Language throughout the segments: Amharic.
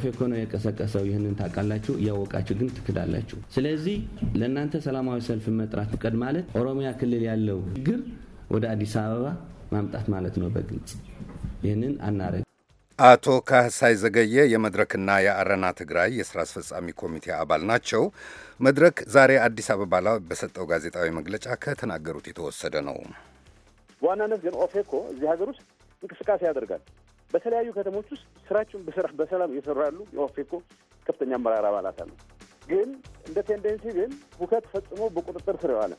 አቀፉ ነው የቀሰቀሰው ይህንን ታውቃላችሁ፣ እያወቃችሁ ግን ትክዳላችሁ። ስለዚህ ለእናንተ ሰላማዊ ሰልፍ መጥራት ፍቀድ ማለት ኦሮሚያ ክልል ያለው ችግር ወደ አዲስ አበባ ማምጣት ማለት ነው። በግልጽ ይህንን አናረግ አቶ ካህሳይ ዘገየ የመድረክና የአረና ትግራይ የስራ አስፈጻሚ ኮሚቴ አባል ናቸው። መድረክ ዛሬ አዲስ አበባ ላይ በሰጠው ጋዜጣዊ መግለጫ ከተናገሩት የተወሰደ ነው። በዋናነት ግን ኦፌኮ እዚህ ሀገር ውስጥ እንቅስቃሴ ያደርጋል። በተለያዩ ከተሞች ውስጥ ስራቸውን በሰላም እየሰሩ ያሉ የኦፌኮ ከፍተኛ አመራር አባላት አሉ። ግን እንደ ቴንደንሲ ግን ሁከት ፈጽሞ በቁጥጥር ስር የዋለ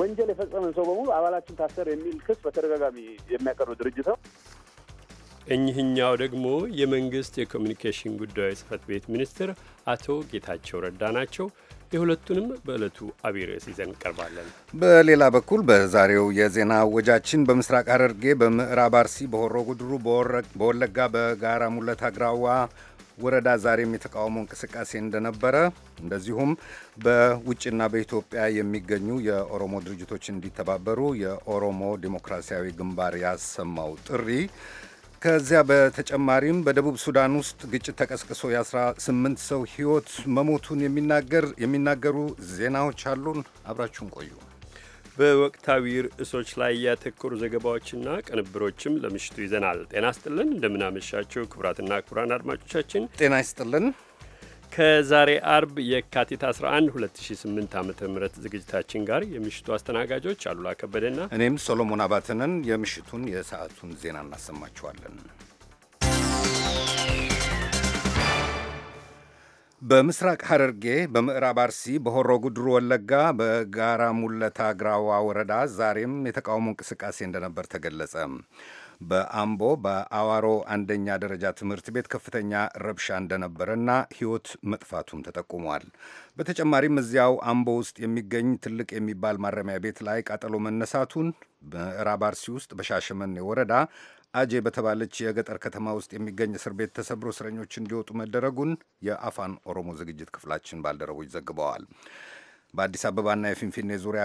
ወንጀል የፈጸመን ሰው በሙሉ አባላችን ታሰር የሚል ክስ በተደጋጋሚ የሚያቀርብ ድርጅት ነው። እኚህኛው ደግሞ የመንግስት የኮሚኒኬሽን ጉዳዮች ጽህፈት ቤት ሚኒስትር አቶ ጌታቸው ረዳ ናቸው። የሁለቱንም በዕለቱ አብይ ርዕስ ይዘን እንቀርባለን። በሌላ በኩል በዛሬው የዜና ወጃችን በምስራቅ ሐረርጌ፣ በምዕራብ አርሲ፣ በሆሮ ጉድሩ፣ በወለጋ በጋራ ሙለት አግራዋ ወረዳ ዛሬም የተቃውሞ እንቅስቃሴ እንደነበረ እንደዚሁም በውጭና በኢትዮጵያ የሚገኙ የኦሮሞ ድርጅቶች እንዲተባበሩ የኦሮሞ ዴሞክራሲያዊ ግንባር ያሰማው ጥሪ ከዚያ በተጨማሪም በደቡብ ሱዳን ውስጥ ግጭት ተቀስቅሶ የ18 ሰው ሕይወት መሞቱን የሚናገር የሚናገሩ ዜናዎች አሉን። አብራችሁን ቆዩ። በወቅታዊ ርዕሶች ላይ ያተኮሩ ዘገባዎችና ቅንብሮችም ለምሽቱ ይዘናል። ጤና ይስጥልን፣ እንደምናመሻቸው ክቡራትና ክቡራን አድማጮቻችን ጤና ይስጥልን። ከዛሬ አርብ የካቲት 11 2008 ዓ ም ዝግጅታችን ጋር የምሽቱ አስተናጋጆች አሉላ ከበደና እኔም ሶሎሞን አባተንን የምሽቱን የሰዓቱን ዜና እናሰማችኋለን። በምስራቅ ሐረርጌ፣ በምዕራብ አርሲ፣ በሆሮ ጉድሩ ወለጋ፣ በጋራ ሙለታ ግራዋ ወረዳ ዛሬም የተቃውሞ እንቅስቃሴ እንደነበር ተገለጸ። በአምቦ በአዋሮ አንደኛ ደረጃ ትምህርት ቤት ከፍተኛ ረብሻ እንደነበረና ሕይወት መጥፋቱም ተጠቁሟል። በተጨማሪም እዚያው አምቦ ውስጥ የሚገኝ ትልቅ የሚባል ማረሚያ ቤት ላይ ቃጠሎ መነሳቱን፣ ምዕራብ አርሲ ውስጥ በሻሸመኔ ወረዳ አጄ በተባለች የገጠር ከተማ ውስጥ የሚገኝ እስር ቤት ተሰብሮ እስረኞች እንዲወጡ መደረጉን የአፋን ኦሮሞ ዝግጅት ክፍላችን ባልደረቦች ዘግበዋል። በአዲስ አበባና የፊንፊኔ ዙሪያ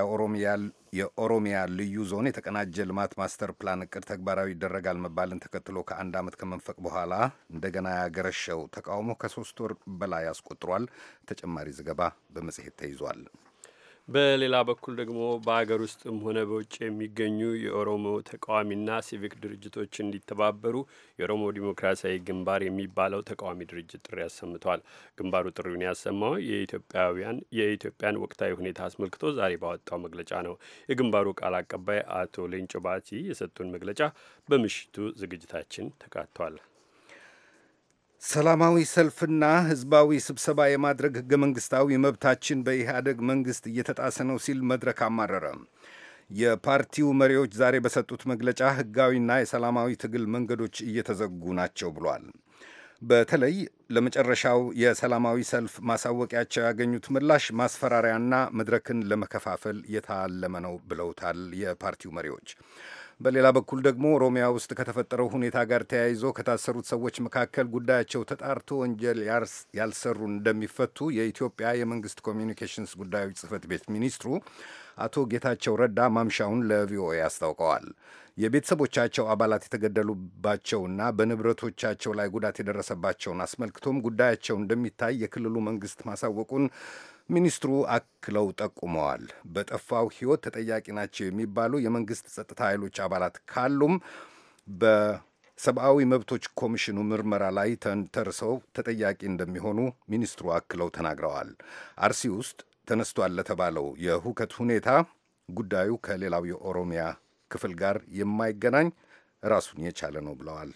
የኦሮሚያ ልዩ ዞን የተቀናጀ ልማት ማስተር ፕላን እቅድ ተግባራዊ ይደረጋል መባልን ተከትሎ ከአንድ ዓመት ከመንፈቅ በኋላ እንደገና ያገረሸው ተቃውሞ ከሶስት ወር በላይ አስቆጥሯል። ተጨማሪ ዘገባ በመጽሔት ተይዟል። በሌላ በኩል ደግሞ በሀገር ውስጥም ሆነ በውጭ የሚገኙ የኦሮሞ ተቃዋሚና ሲቪክ ድርጅቶች እንዲተባበሩ የኦሮሞ ዴሞክራሲያዊ ግንባር የሚባለው ተቃዋሚ ድርጅት ጥሪ አሰምቷል። ግንባሩ ጥሪውን ያሰማው የኢትዮጵያውያን የኢትዮጵያን ወቅታዊ ሁኔታ አስመልክቶ ዛሬ ባወጣው መግለጫ ነው። የግንባሩ ቃል አቀባይ አቶ ሌንጮ ባቲ የሰጡን መግለጫ በምሽቱ ዝግጅታችን ተካቷል። ሰላማዊ ሰልፍና ህዝባዊ ስብሰባ የማድረግ ህገ መንግስታዊ መብታችን በኢህአደግ መንግስት እየተጣሰ ነው ሲል መድረክ አማረረ። የፓርቲው መሪዎች ዛሬ በሰጡት መግለጫ ህጋዊና የሰላማዊ ትግል መንገዶች እየተዘጉ ናቸው ብሏል። በተለይ ለመጨረሻው የሰላማዊ ሰልፍ ማሳወቂያቸው ያገኙት ምላሽ ማስፈራሪያና መድረክን ለመከፋፈል የታለመ ነው ብለውታል የፓርቲው መሪዎች። በሌላ በኩል ደግሞ ኦሮሚያ ውስጥ ከተፈጠረው ሁኔታ ጋር ተያይዞ ከታሰሩት ሰዎች መካከል ጉዳያቸው ተጣርቶ ወንጀል ያልሰሩ እንደሚፈቱ የኢትዮጵያ የመንግስት ኮሚኒኬሽንስ ጉዳዮች ጽህፈት ቤት ሚኒስትሩ አቶ ጌታቸው ረዳ ማምሻውን ለቪኦኤ አስታውቀዋል። የቤተሰቦቻቸው አባላት የተገደሉባቸውና በንብረቶቻቸው ላይ ጉዳት የደረሰባቸውን አስመልክቶም ጉዳያቸው እንደሚታይ የክልሉ መንግስት ማሳወቁን ሚኒስትሩ አክለው ጠቁመዋል። በጠፋው ሕይወት ተጠያቂ ናቸው የሚባሉ የመንግስት ጸጥታ ኃይሎች አባላት ካሉም በሰብአዊ መብቶች ኮሚሽኑ ምርመራ ላይ ተንተርሰው ተጠያቂ እንደሚሆኑ ሚኒስትሩ አክለው ተናግረዋል። አርሲ ውስጥ ተነስቷል ለተባለው የሁከት ሁኔታ ጉዳዩ ከሌላው የኦሮሚያ ክፍል ጋር የማይገናኝ ራሱን የቻለ ነው ብለዋል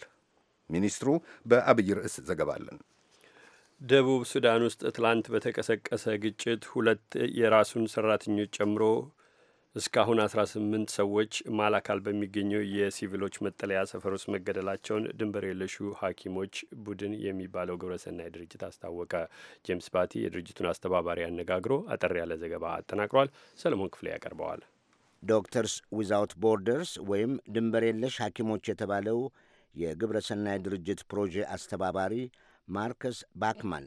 ሚኒስትሩ። በአብይ ርዕስ ዘገባለን። ደቡብ ሱዳን ውስጥ ትላንት በተቀሰቀሰ ግጭት ሁለት የራሱን ሰራተኞች ጨምሮ እስካሁን 18 ሰዎች ማላካል በሚገኘው የሲቪሎች መጠለያ ሰፈር ውስጥ መገደላቸውን ድንበር የለሹ ሐኪሞች ቡድን የሚባለው ግብረሰናይ ድርጅት አስታወቀ። ጄምስ ባቲ የድርጅቱን አስተባባሪ አነጋግሮ አጠር ያለ ዘገባ አጠናቅሯል። ሰለሞን ክፍሌ ያቀርበዋል። ዶክተርስ ዊዛውት ቦርደርስ ወይም ድንበር የለሽ ሐኪሞች የተባለው የግብረሰናይ ድርጅት ፕሮጄ አስተባባሪ ማርከስ ባክማን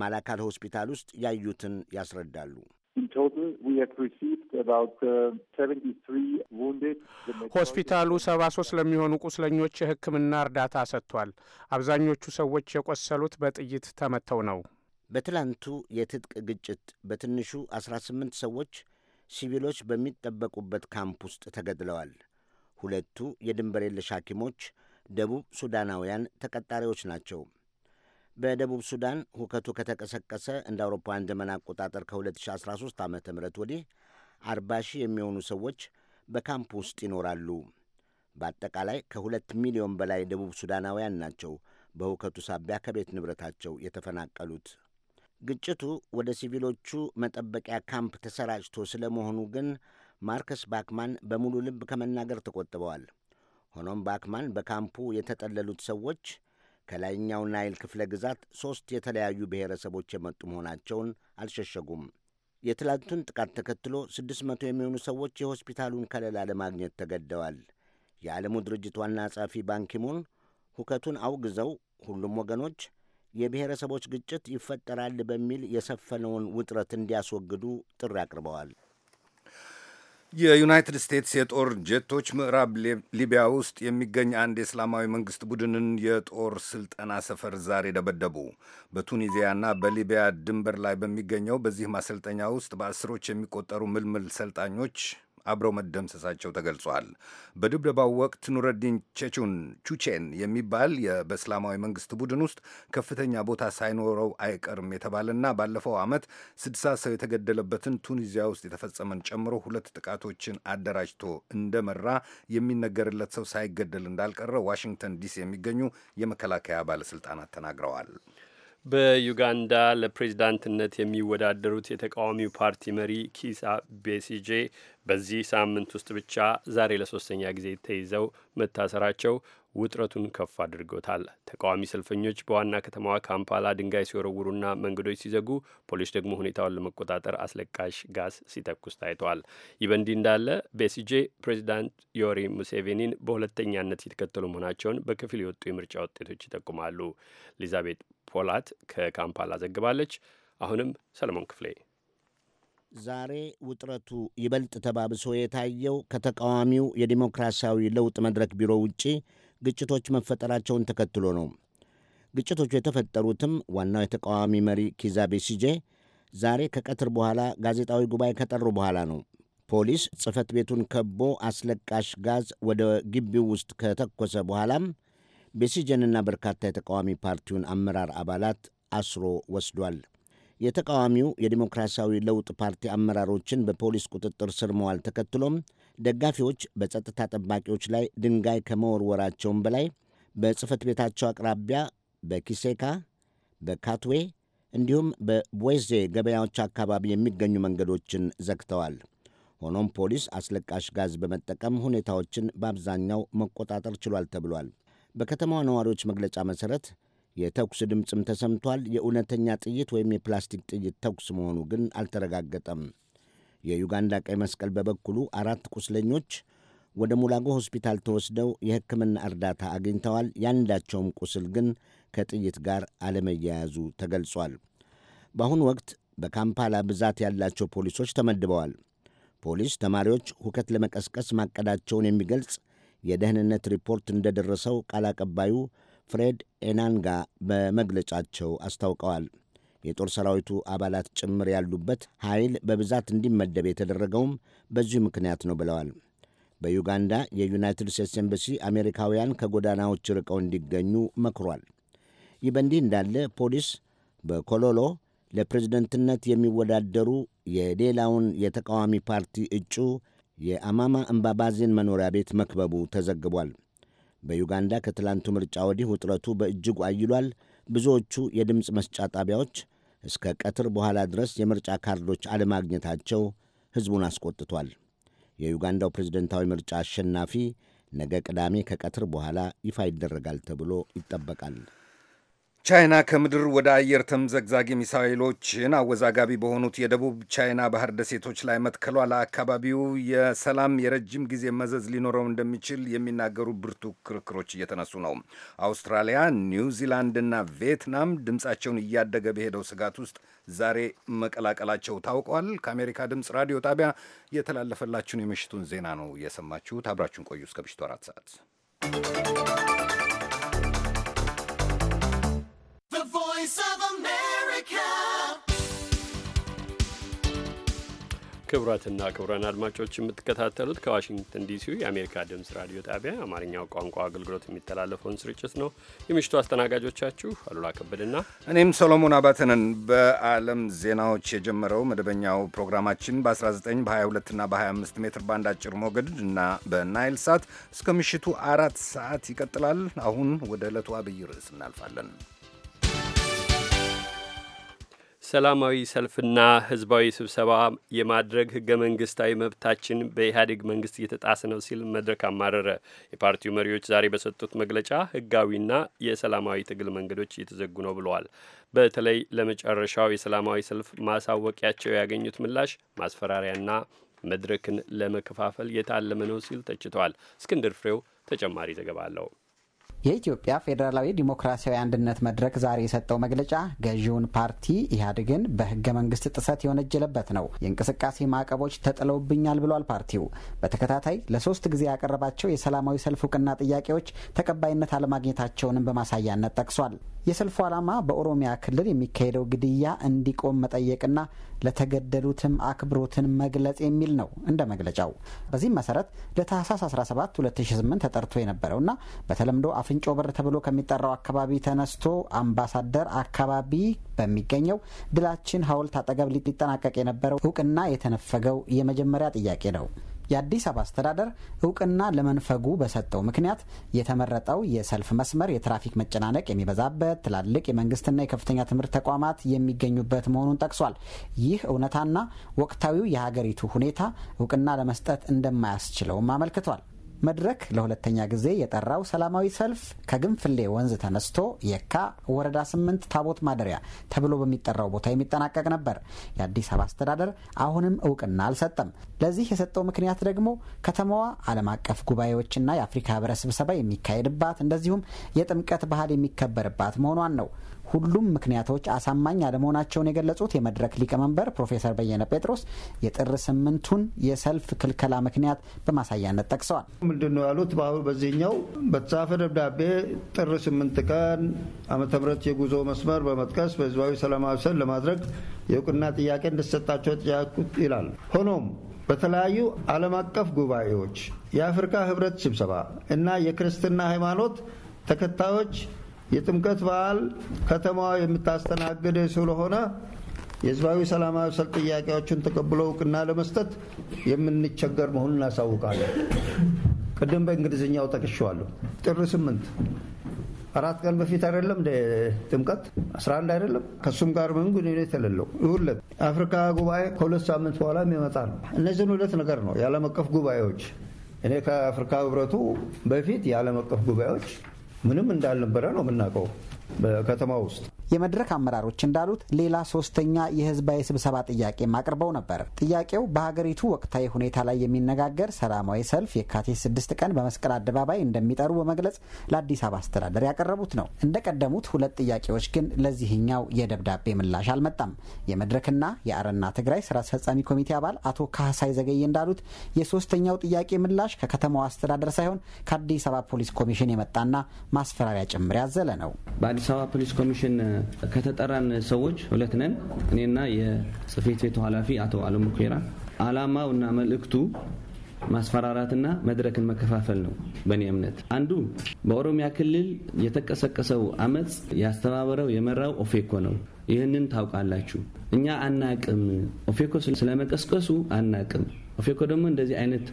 ማላካል ሆስፒታል ውስጥ ያዩትን ያስረዳሉ። uh, ሆስፒታሉ ሰባ ሶስት ለሚሆኑ ቁስለኞች የሕክምና እርዳታ ሰጥቷል። አብዛኞቹ ሰዎች የቆሰሉት በጥይት ተመተው ነው። በትላንቱ የትጥቅ ግጭት በትንሹ አስራ ስምንት ሰዎች ሲቪሎች በሚጠበቁበት ካምፕ ውስጥ ተገድለዋል። ሁለቱ የድንበር የለሽ ሐኪሞች ደቡብ ሱዳናውያን ተቀጣሪዎች ናቸው። በደቡብ ሱዳን ሁከቱ ከተቀሰቀሰ እንደ አውሮፓውያን ዘመን አቆጣጠር ከ2013 ዓ ም ወዲህ 40 ሺህ የሚሆኑ ሰዎች በካምፕ ውስጥ ይኖራሉ። በአጠቃላይ ከሁለት ሚሊዮን በላይ ደቡብ ሱዳናውያን ናቸው በሁከቱ ሳቢያ ከቤት ንብረታቸው የተፈናቀሉት። ግጭቱ ወደ ሲቪሎቹ መጠበቂያ ካምፕ ተሰራጭቶ ስለመሆኑ ግን ማርከስ ባክማን በሙሉ ልብ ከመናገር ተቆጥበዋል። ሆኖም ባክማን በካምፑ የተጠለሉት ሰዎች ከላይኛው ናይል ክፍለ ግዛት ሦስት የተለያዩ ብሔረሰቦች የመጡ መሆናቸውን አልሸሸጉም። የትላንቱን ጥቃት ተከትሎ ስድስት መቶ የሚሆኑ ሰዎች የሆስፒታሉን ከለላ ለማግኘት ተገደዋል። የዓለሙ ድርጅት ዋና ጸሐፊ ባንኪሙን ሁከቱን አውግዘው ሁሉም ወገኖች የብሔረሰቦች ግጭት ይፈጠራል በሚል የሰፈነውን ውጥረት እንዲያስወግዱ ጥሪ አቅርበዋል። የዩናይትድ ስቴትስ የጦር ጀቶች ምዕራብ ሊቢያ ውስጥ የሚገኝ አንድ የእስላማዊ መንግስት ቡድንን የጦር ስልጠና ሰፈር ዛሬ ደበደቡ። በቱኒዚያና በሊቢያ ድንበር ላይ በሚገኘው በዚህ ማሰልጠኛ ውስጥ በአስሮች የሚቆጠሩ ምልምል ሰልጣኞች አብረው መደምሰሳቸው ተገልጿል። በድብደባው ወቅት ኑረዲን ቼቹን ቹቼን የሚባል በእስላማዊ መንግስት ቡድን ውስጥ ከፍተኛ ቦታ ሳይኖረው አይቀርም የተባለና ባለፈው ዓመት ስድሳ ሰው የተገደለበትን ቱኒዚያ ውስጥ የተፈጸመን ጨምሮ ሁለት ጥቃቶችን አደራጅቶ እንደመራ የሚነገርለት ሰው ሳይገደል እንዳልቀረ ዋሽንግተን ዲሲ የሚገኙ የመከላከያ ባለስልጣናት ተናግረዋል። በዩጋንዳ ለፕሬዝዳንትነት የሚወዳደሩት የተቃዋሚው ፓርቲ መሪ ኪሳ ቤሲጄ በዚህ ሳምንት ውስጥ ብቻ ዛሬ ለሶስተኛ ጊዜ ተይዘው መታሰራቸው ውጥረቱን ከፍ አድርጎታል። ተቃዋሚ ሰልፈኞች በዋና ከተማዋ ካምፓላ ድንጋይ ሲወረውሩና መንገዶች ሲዘጉ፣ ፖሊስ ደግሞ ሁኔታውን ለመቆጣጠር አስለቃሽ ጋዝ ሲተኩስ ታይተዋል። ይህ በእንዲህ እንዳለ ቤሲጄ ፕሬዚዳንት ዮሪ ሙሴቬኒን በሁለተኛነት የተከተሉ መሆናቸውን በከፊል የወጡ የምርጫ ውጤቶች ይጠቁማሉ። ኤሊዛቤት ፖላት ከካምፓላ ዘግባለች። አሁንም ሰለሞን ክፍሌ ዛሬ ውጥረቱ ይበልጥ ተባብሶ የታየው ከተቃዋሚው የዲሞክራሲያዊ ለውጥ መድረክ ቢሮ ውጪ ግጭቶች መፈጠራቸውን ተከትሎ ነው። ግጭቶቹ የተፈጠሩትም ዋናው የተቃዋሚ መሪ ኪዛ ቤሲጄ ዛሬ ከቀትር በኋላ ጋዜጣዊ ጉባኤ ከጠሩ በኋላ ነው። ፖሊስ ጽህፈት ቤቱን ከቦ አስለቃሽ ጋዝ ወደ ግቢው ውስጥ ከተኮሰ በኋላም ቤሲጄንና በርካታ የተቃዋሚ ፓርቲውን አመራር አባላት አስሮ ወስዷል። የተቃዋሚው የዲሞክራሲያዊ ለውጥ ፓርቲ አመራሮችን በፖሊስ ቁጥጥር ስር መዋል ተከትሎም ደጋፊዎች በጸጥታ ጠባቂዎች ላይ ድንጋይ ከመወርወራቸውም በላይ በጽህፈት ቤታቸው አቅራቢያ በኪሴካ፣ በካትዌ እንዲሁም በቦይዜ ገበያዎች አካባቢ የሚገኙ መንገዶችን ዘግተዋል። ሆኖም ፖሊስ አስለቃሽ ጋዝ በመጠቀም ሁኔታዎችን በአብዛኛው መቆጣጠር ችሏል ተብሏል። በከተማዋ ነዋሪዎች መግለጫ መሠረት የተኩስ ድምፅም ተሰምቷል። የእውነተኛ ጥይት ወይም የፕላስቲክ ጥይት ተኩስ መሆኑ ግን አልተረጋገጠም። የዩጋንዳ ቀይ መስቀል በበኩሉ አራት ቁስለኞች ወደ ሙላጎ ሆስፒታል ተወስደው የሕክምና እርዳታ አግኝተዋል። ያንዳቸውም ቁስል ግን ከጥይት ጋር አለመያያዙ ተገልጿል። በአሁኑ ወቅት በካምፓላ ብዛት ያላቸው ፖሊሶች ተመድበዋል። ፖሊስ ተማሪዎች ሁከት ለመቀስቀስ ማቀዳቸውን የሚገልጽ የደህንነት ሪፖርት እንደደረሰው ቃል አቀባዩ ፍሬድ ኤናንጋ በመግለጫቸው አስታውቀዋል። የጦር ሰራዊቱ አባላት ጭምር ያሉበት ኃይል በብዛት እንዲመደብ የተደረገውም በዚሁ ምክንያት ነው ብለዋል። በዩጋንዳ የዩናይትድ ስቴትስ ኤምበሲ አሜሪካውያን ከጎዳናዎች ርቀው እንዲገኙ መክሯል። ይህ በእንዲህ እንዳለ ፖሊስ በኮሎሎ ለፕሬዝደንትነት የሚወዳደሩ የሌላውን የተቃዋሚ ፓርቲ እጩ የአማማ እምባባዜን መኖሪያ ቤት መክበቡ ተዘግቧል። በዩጋንዳ ከትላንቱ ምርጫ ወዲህ ውጥረቱ በእጅጉ አይሏል። ብዙዎቹ የድምፅ መስጫ ጣቢያዎች እስከ ቀትር በኋላ ድረስ የምርጫ ካርዶች አለማግኘታቸው ሕዝቡን አስቆጥቷል። የዩጋንዳው ፕሬዝደንታዊ ምርጫ አሸናፊ ነገ ቅዳሜ ከቀትር በኋላ ይፋ ይደረጋል ተብሎ ይጠበቃል። ቻይና ከምድር ወደ አየር ተምዘግዛጊ ሚሳይሎችን አወዛጋቢ በሆኑት የደቡብ ቻይና ባህር ደሴቶች ላይ መትከሏ ለአካባቢው የሰላም የረጅም ጊዜ መዘዝ ሊኖረው እንደሚችል የሚናገሩ ብርቱ ክርክሮች እየተነሱ ነው። አውስትራሊያ፣ ኒውዚላንድ እና ቪየትናም ድምፃቸውን እያደገ በሄደው ስጋት ውስጥ ዛሬ መቀላቀላቸው ታውቋል። ከአሜሪካ ድምፅ ራዲዮ ጣቢያ የተላለፈላችሁን የምሽቱን ዜና ነው የሰማችሁት። አብራችሁን ቆዩ እስከ ምሽቱ አራት ሰዓት ክቡራትና ክቡራን አድማጮች የምትከታተሉት ከዋሽንግተን ዲሲ የአሜሪካ ድምፅ ራዲዮ ጣቢያ አማርኛው ቋንቋ አገልግሎት የሚተላለፈውን ስርጭት ነው። የምሽቱ አስተናጋጆቻችሁ አሉላ ከበድና እኔም ሰሎሞን አባተንን። በዓለም ዜናዎች የጀመረው መደበኛው ፕሮግራማችን በ19 በ22ና በ25 ሜትር ባንድ አጭር ሞገድ እና በናይል ሳት እስከ ምሽቱ አራት ሰዓት ይቀጥላል። አሁን ወደ ዕለቱ አብይ ርዕስ እናልፋለን። ሰላማዊ ሰልፍና ህዝባዊ ስብሰባ የማድረግ ህገ መንግስታዊ መብታችን በኢህአዴግ መንግስት እየተጣሰ ነው ሲል መድረክ አማረረ። የፓርቲው መሪዎች ዛሬ በሰጡት መግለጫ ህጋዊና የሰላማዊ ትግል መንገዶች እየተዘጉ ነው ብለዋል። በተለይ ለመጨረሻው የሰላማዊ ሰልፍ ማሳወቂያቸው ያገኙት ምላሽ ማስፈራሪያና መድረክን ለመከፋፈል የታለመ ነው ሲል ተችተዋል። እስክንድር ፍሬው ተጨማሪ ዘገባ አለው። የኢትዮጵያ ፌዴራላዊ ዲሞክራሲያዊ አንድነት መድረክ ዛሬ የሰጠው መግለጫ ገዢውን ፓርቲ ኢህአዴግን በህገ መንግስት ጥሰት የወነጀለበት ነው። የእንቅስቃሴ ማዕቀቦች ተጥለውብኛል ብሏል። ፓርቲው በተከታታይ ለሶስት ጊዜ ያቀረባቸው የሰላማዊ ሰልፍ እውቅና ጥያቄዎች ተቀባይነት አለማግኘታቸውንም በማሳያነት ጠቅሷል። የሰልፉ ዓላማ በኦሮሚያ ክልል የሚካሄደው ግድያ እንዲቆም መጠየቅና ለተገደሉትም አክብሮትን መግለጽ የሚል ነው እንደ መግለጫው። በዚህም መሰረት ለታህሳስ 17 2008 ተጠርቶ የነበረውና በተለምዶ አፍንጮ በር ተብሎ ከሚጠራው አካባቢ ተነስቶ አምባሳደር አካባቢ በሚገኘው ድላችን ሐውልት አጠገብ ሊጠናቀቅ የነበረው እውቅና የተነፈገው የመጀመሪያ ጥያቄ ነው። የአዲስ አበባ አስተዳደር እውቅና ለመንፈጉ በሰጠው ምክንያት የተመረጠው የሰልፍ መስመር የትራፊክ መጨናነቅ የሚበዛበት ትላልቅ የመንግስትና የከፍተኛ ትምህርት ተቋማት የሚገኙበት መሆኑን ጠቅሷል። ይህ እውነታና ወቅታዊው የሀገሪቱ ሁኔታ እውቅና ለመስጠት እንደማያስችለውም አመልክቷል። መድረክ ለሁለተኛ ጊዜ የጠራው ሰላማዊ ሰልፍ ከግንፍሌ ወንዝ ተነስቶ የካ ወረዳ ስምንት ታቦት ማደሪያ ተብሎ በሚጠራው ቦታ የሚጠናቀቅ ነበር። የአዲስ አበባ አስተዳደር አሁንም እውቅና አልሰጠም። ለዚህ የሰጠው ምክንያት ደግሞ ከተማዋ ዓለም አቀፍ ጉባኤዎችና የአፍሪካ ህብረ ስብሰባ የሚካሄድባት እንደዚሁም የጥምቀት ባህል የሚከበርባት መሆኗን ነው። ሁሉም ምክንያቶች አሳማኝ አለመሆናቸውን የገለጹት የመድረክ ሊቀመንበር ፕሮፌሰር በየነ ጴጥሮስ የጥር ስምንቱን የሰልፍ ክልከላ ምክንያት በማሳያነት ጠቅሰዋል። ምንድን ነው ያሉት? በዚህኛው በተጻፈ ደብዳቤ ጥር ስምንት ቀን ዓመተ ምህረት የጉዞ መስመር በመጥቀስ በህዝባዊ ሰላማዊ ሰልፍ ለማድረግ የእውቅና ጥያቄ እንደተሰጣቸው ጥያቁት ይላል። ሆኖም በተለያዩ ዓለም አቀፍ ጉባኤዎች፣ የአፍሪካ ህብረት ስብሰባ እና የክርስትና ሃይማኖት ተከታዮች የጥምቀት በዓል ከተማዋ የምታስተናግድ ስለሆነ የህዝባዊ ሰላማዊ ሰልፍ ጥያቄዎችን ተቀብሎ እውቅና ለመስጠት የምንቸገር መሆኑን እናሳውቃለን። ቅድም በእንግሊዝኛው ጠቅሸዋለሁ። ጥር ስምንት አራት ቀን በፊት አይደለም ጥምቀት 11 አይደለም። ከሱም ጋር ምን ግንኙነት የሌለው ሁለት አፍሪካ ጉባኤ ከሁለት ሳምንት በኋላ የሚመጣ ነው። እነዚህን ሁለት ነገር ነው የዓለም አቀፍ ጉባኤዎች እኔ ከአፍሪካ ህብረቱ በፊት የዓለም አቀፍ ጉባኤዎች ምንም እንዳልነበረ ነው የምናውቀው በከተማ ውስጥ የመድረክ አመራሮች እንዳሉት ሌላ ሶስተኛ የህዝባዊ ስብሰባ ጥያቄም አቅርበው ነበር። ጥያቄው በሀገሪቱ ወቅታዊ ሁኔታ ላይ የሚነጋገር ሰላማዊ ሰልፍ የካቲት ስድስት ቀን በመስቀል አደባባይ እንደሚጠሩ በመግለጽ ለአዲስ አበባ አስተዳደር ያቀረቡት ነው። እንደቀደሙት ሁለት ጥያቄዎች ግን ለዚህኛው የደብዳቤ ምላሽ አልመጣም። የመድረክና የአረና ትግራይ ስራ አስፈጻሚ ኮሚቴ አባል አቶ ካህሳይ ዘገይ እንዳሉት የሶስተኛው ጥያቄ ምላሽ ከከተማው አስተዳደር ሳይሆን ከአዲስ አበባ ፖሊስ ኮሚሽን የመጣና ማስፈራሪያ ጭምር ያዘለ ነው። በአዲስ አበባ ፖሊስ ኮሚሽን ከተጠራን ሰዎች ሁለት ነን፣ እኔና የጽህፈት ቤቱ ኃላፊ አቶ አለሙ ኬራ። አላማው እና መልእክቱ ማስፈራራትና መድረክን መከፋፈል ነው። በእኔ እምነት አንዱ በኦሮሚያ ክልል የተቀሰቀሰው አመፅ ያስተባበረው የመራው ኦፌኮ ነው። ይህንን ታውቃላችሁ። እኛ አናቅም፣ ኦፌኮ ስለመቀስቀሱ አናቅም። ኦፌኮ ደግሞ እንደዚህ አይነት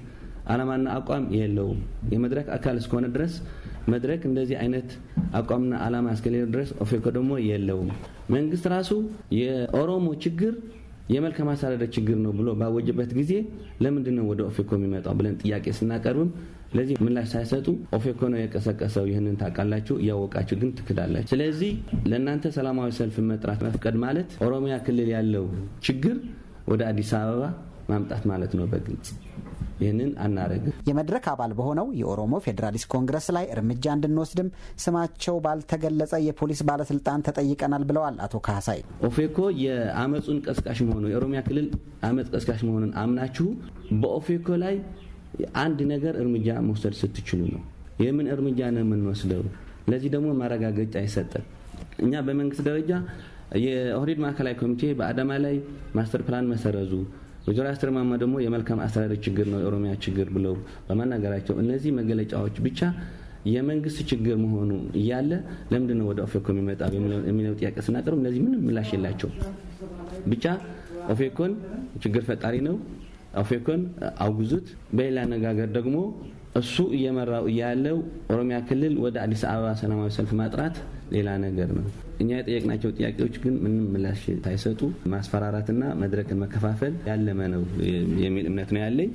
አላማና አቋም የለውም። የመድረክ አካል እስከሆነ ድረስ መድረክ እንደዚህ አይነት አቋምና አላማ እስከሌለው ድረስ ኦፌኮ ደግሞ የለውም። መንግስት ራሱ የኦሮሞ ችግር የመልካም አስተዳደር ችግር ነው ብሎ ባወጀበት ጊዜ ለምንድን ነው ወደ ኦፌኮ የሚመጣው ብለን ጥያቄ ስናቀርብም ለዚህ ምላሽ ሳይሰጡ ኦፌኮ ነው የቀሰቀሰው፣ ይህንን ታውቃላችሁ፣ እያወቃችሁ ግን ትክዳላችሁ። ስለዚህ ለእናንተ ሰላማዊ ሰልፍ መጥራት መፍቀድ ማለት ኦሮሚያ ክልል ያለው ችግር ወደ አዲስ አበባ ማምጣት ማለት ነው በግልጽ ይህንን አናረግ። የመድረክ አባል በሆነው የኦሮሞ ፌዴራሊስት ኮንግረስ ላይ እርምጃ እንድንወስድም ስማቸው ባልተገለጸ የፖሊስ ባለስልጣን ተጠይቀናል ብለዋል አቶ ካህሳይ። ኦፌኮ የአመፁን ቀስቃሽ መሆኑ የኦሮሚያ ክልል አመፅ ቀስቃሽ መሆኑን አምናችሁ በኦፌኮ ላይ አንድ ነገር እርምጃ መውሰድ ስትችሉ ነው። የምን እርምጃ ነው የምንወስደው? ለዚህ ደግሞ ማረጋገጫ አይሰጥም። እኛ በመንግስት ደረጃ የኦህዴድ ማዕከላዊ ኮሚቴ በአዳማ ላይ ማስተር ፕላን መሰረዙ ወይዘሮ አስተርማማ ደግሞ የመልካም አስተዳደር ችግር ነው የኦሮሚያ ችግር ብለው በመናገራቸው እነዚህ መገለጫዎች ብቻ የመንግስት ችግር መሆኑ እያለ ለምንድን ነው ወደ ኦፌኮ የሚመጣ የሚለው ጥያቄ ስናቀርብ እነዚህ ምንም ምላሽ የላቸው። ብቻ ኦፌኮን ችግር ፈጣሪ ነው፣ ኦፌኮን አውግዙት። በሌላ አነጋገር ደግሞ እሱ እየመራው እያለው ኦሮሚያ ክልል ወደ አዲስ አበባ ሰላማዊ ሰልፍ ማጥራት ሌላ ነገር ነው። እኛ የጠየቅናቸው ጥያቄዎች ግን ምንም ምላሽ ሳይሰጡ ማስፈራራትና መድረክን መከፋፈል ያለመ ነው የሚል እምነት ነው ያለኝ።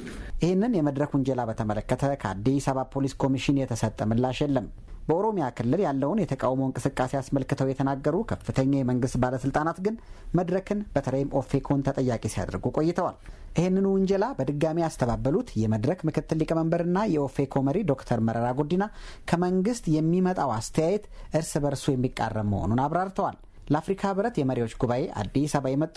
ይህንን የመድረክ ውንጀላ በተመለከተ ከአዲስ አበባ ፖሊስ ኮሚሽን የተሰጠ ምላሽ የለም። በኦሮሚያ ክልል ያለውን የተቃውሞ እንቅስቃሴ አስመልክተው የተናገሩ ከፍተኛ የመንግስት ባለስልጣናት ግን መድረክን በተለይም ኦፌኮን ተጠያቂ ሲያደርጉ ቆይተዋል። ይህንኑ ውንጀላ በድጋሚ ያስተባበሉት የመድረክ ምክትል ሊቀመንበርና የኦፌኮ መሪ ዶክተር መረራ ጉዲና ከመንግስት የሚመጣው አስተያየት እርስ በርሱ የሚቃረም መሆኑን አብራርተዋል። ለአፍሪካ ህብረት የመሪዎች ጉባኤ አዲስ አበባ የመጡ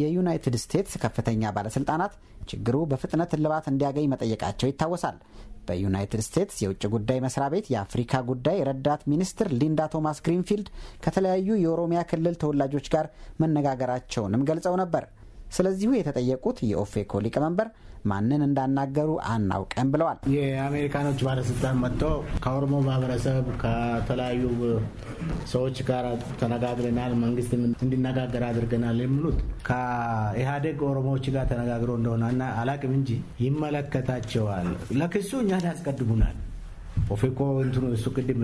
የዩናይትድ ስቴትስ ከፍተኛ ባለስልጣናት ችግሩ በፍጥነት እልባት እንዲያገኝ መጠየቃቸው ይታወሳል። በዩናይትድ ስቴትስ የውጭ ጉዳይ መስሪያ ቤት የአፍሪካ ጉዳይ ረዳት ሚኒስትር ሊንዳ ቶማስ ግሪንፊልድ ከተለያዩ የኦሮሚያ ክልል ተወላጆች ጋር መነጋገራቸውንም ገልጸው ነበር። ስለዚሁ የተጠየቁት የኦፌኮ ሊቀመንበር ማንን እንዳናገሩ አናውቀም ብለዋል። የአሜሪካኖች ባለስልጣን መጥቶ ከኦሮሞ ማህበረሰብ ከተለያዩ ሰዎች ጋር ተነጋግረናል፣ መንግስት እንዲነጋገር አድርገናል የሚሉት ከኢህአዴግ ኦሮሞዎች ጋር ተነጋግረው እንደሆነ እና አላቅም እንጂ ይመለከታቸዋል። ለክሱ እኛን ያስቀድሙናል። ኦፌኮ እንትኑ እሱ ቅድም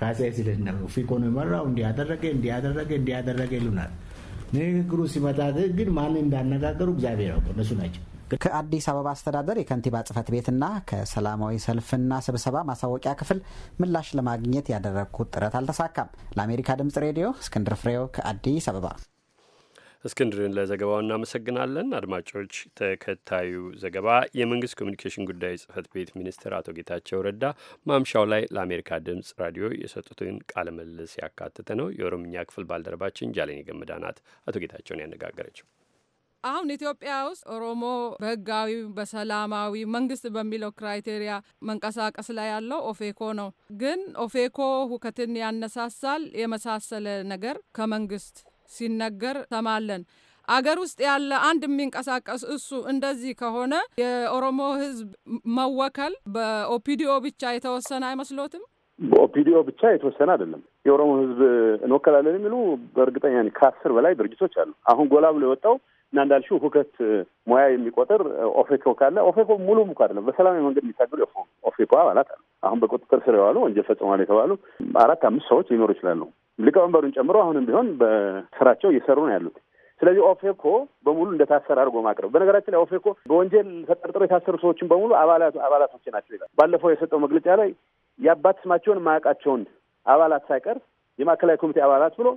ካሳ ስለነበረ ኦፌኮ ነው የመራው እንዲያደረገ እንዲያደረገ እንዲያደረገ ይሉናል ንግግሩ ሲመጣ ግን ማን እንዳነጋገሩ እግዚአብሔር ያውቀው፣ እነሱ ናቸው። ከአዲስ አበባ አስተዳደር የከንቲባ ጽህፈት ቤትና ከሰላማዊ ሰልፍና ስብሰባ ማሳወቂያ ክፍል ምላሽ ለማግኘት ያደረግኩት ጥረት አልተሳካም። ለአሜሪካ ድምጽ ሬዲዮ እስክንድር ፍሬው ከአዲስ አበባ እስክንድርን ለዘገባው እናመሰግናለን። አድማጮች፣ ተከታዩ ዘገባ የመንግስት ኮሚኒኬሽን ጉዳይ ጽህፈት ቤት ሚኒስትር አቶ ጌታቸው ረዳ ማምሻው ላይ ለአሜሪካ ድምፅ ራዲዮ የሰጡትን ቃለ ምልልስ ያካተተ ነው። የኦሮምኛ ክፍል ባልደረባችን ጃሌን ገመዳ ናት አቶ ጌታቸውን ያነጋገረችው። አሁን ኢትዮጵያ ውስጥ ኦሮሞ በህጋዊ በሰላማዊ መንግስት በሚለው ክራይቴሪያ መንቀሳቀስ ላይ ያለው ኦፌኮ ነው። ግን ኦፌኮ ሁከትን ያነሳሳል የመሳሰለ ነገር ከመንግስት ሲነገር ሰማለን። አገር ውስጥ ያለ አንድ የሚንቀሳቀስ እሱ እንደዚህ ከሆነ የኦሮሞ ህዝብ መወከል በኦፒዲኦ ብቻ የተወሰነ አይመስሎትም? በኦፒዲኦ ብቻ የተወሰነ አይደለም። የኦሮሞ ህዝብ እንወከላለን የሚሉ በእርግጠኛ ከአስር በላይ ድርጅቶች አሉ። አሁን ጎላ ብሎ የወጣው እና እንዳልሽው ሁከት ሙያ የሚቆጥር ኦፌኮ ካለ ኦፌኮ ሙሉ ሙክ አይደለም። በሰላማዊ መንገድ የሚታገሉ ኦፌኮ አባላት አሉ። አሁን በቁጥጥር ስር የዋሉ ወንጀል ፈጽሟል የተባሉ አራት አምስት ሰዎች ሊኖሩ ይችላሉ። ሊቀመንበሩን ጨምሮ አሁንም ቢሆን በስራቸው እየሰሩ ነው ያሉት። ስለዚህ ኦፌኮ በሙሉ እንደታሰረ አድርጎ ማቅረብ። በነገራችን ላይ ኦፌኮ በወንጀል ተጠርጥሮ የታሰሩ ሰዎችን በሙሉ አባላቶች ናቸው ይላል። ባለፈው የሰጠው መግለጫ ላይ የአባት ስማቸውን ማያውቃቸውን አባላት ሳይቀር የማዕከላዊ ኮሚቴ አባላት ብሎ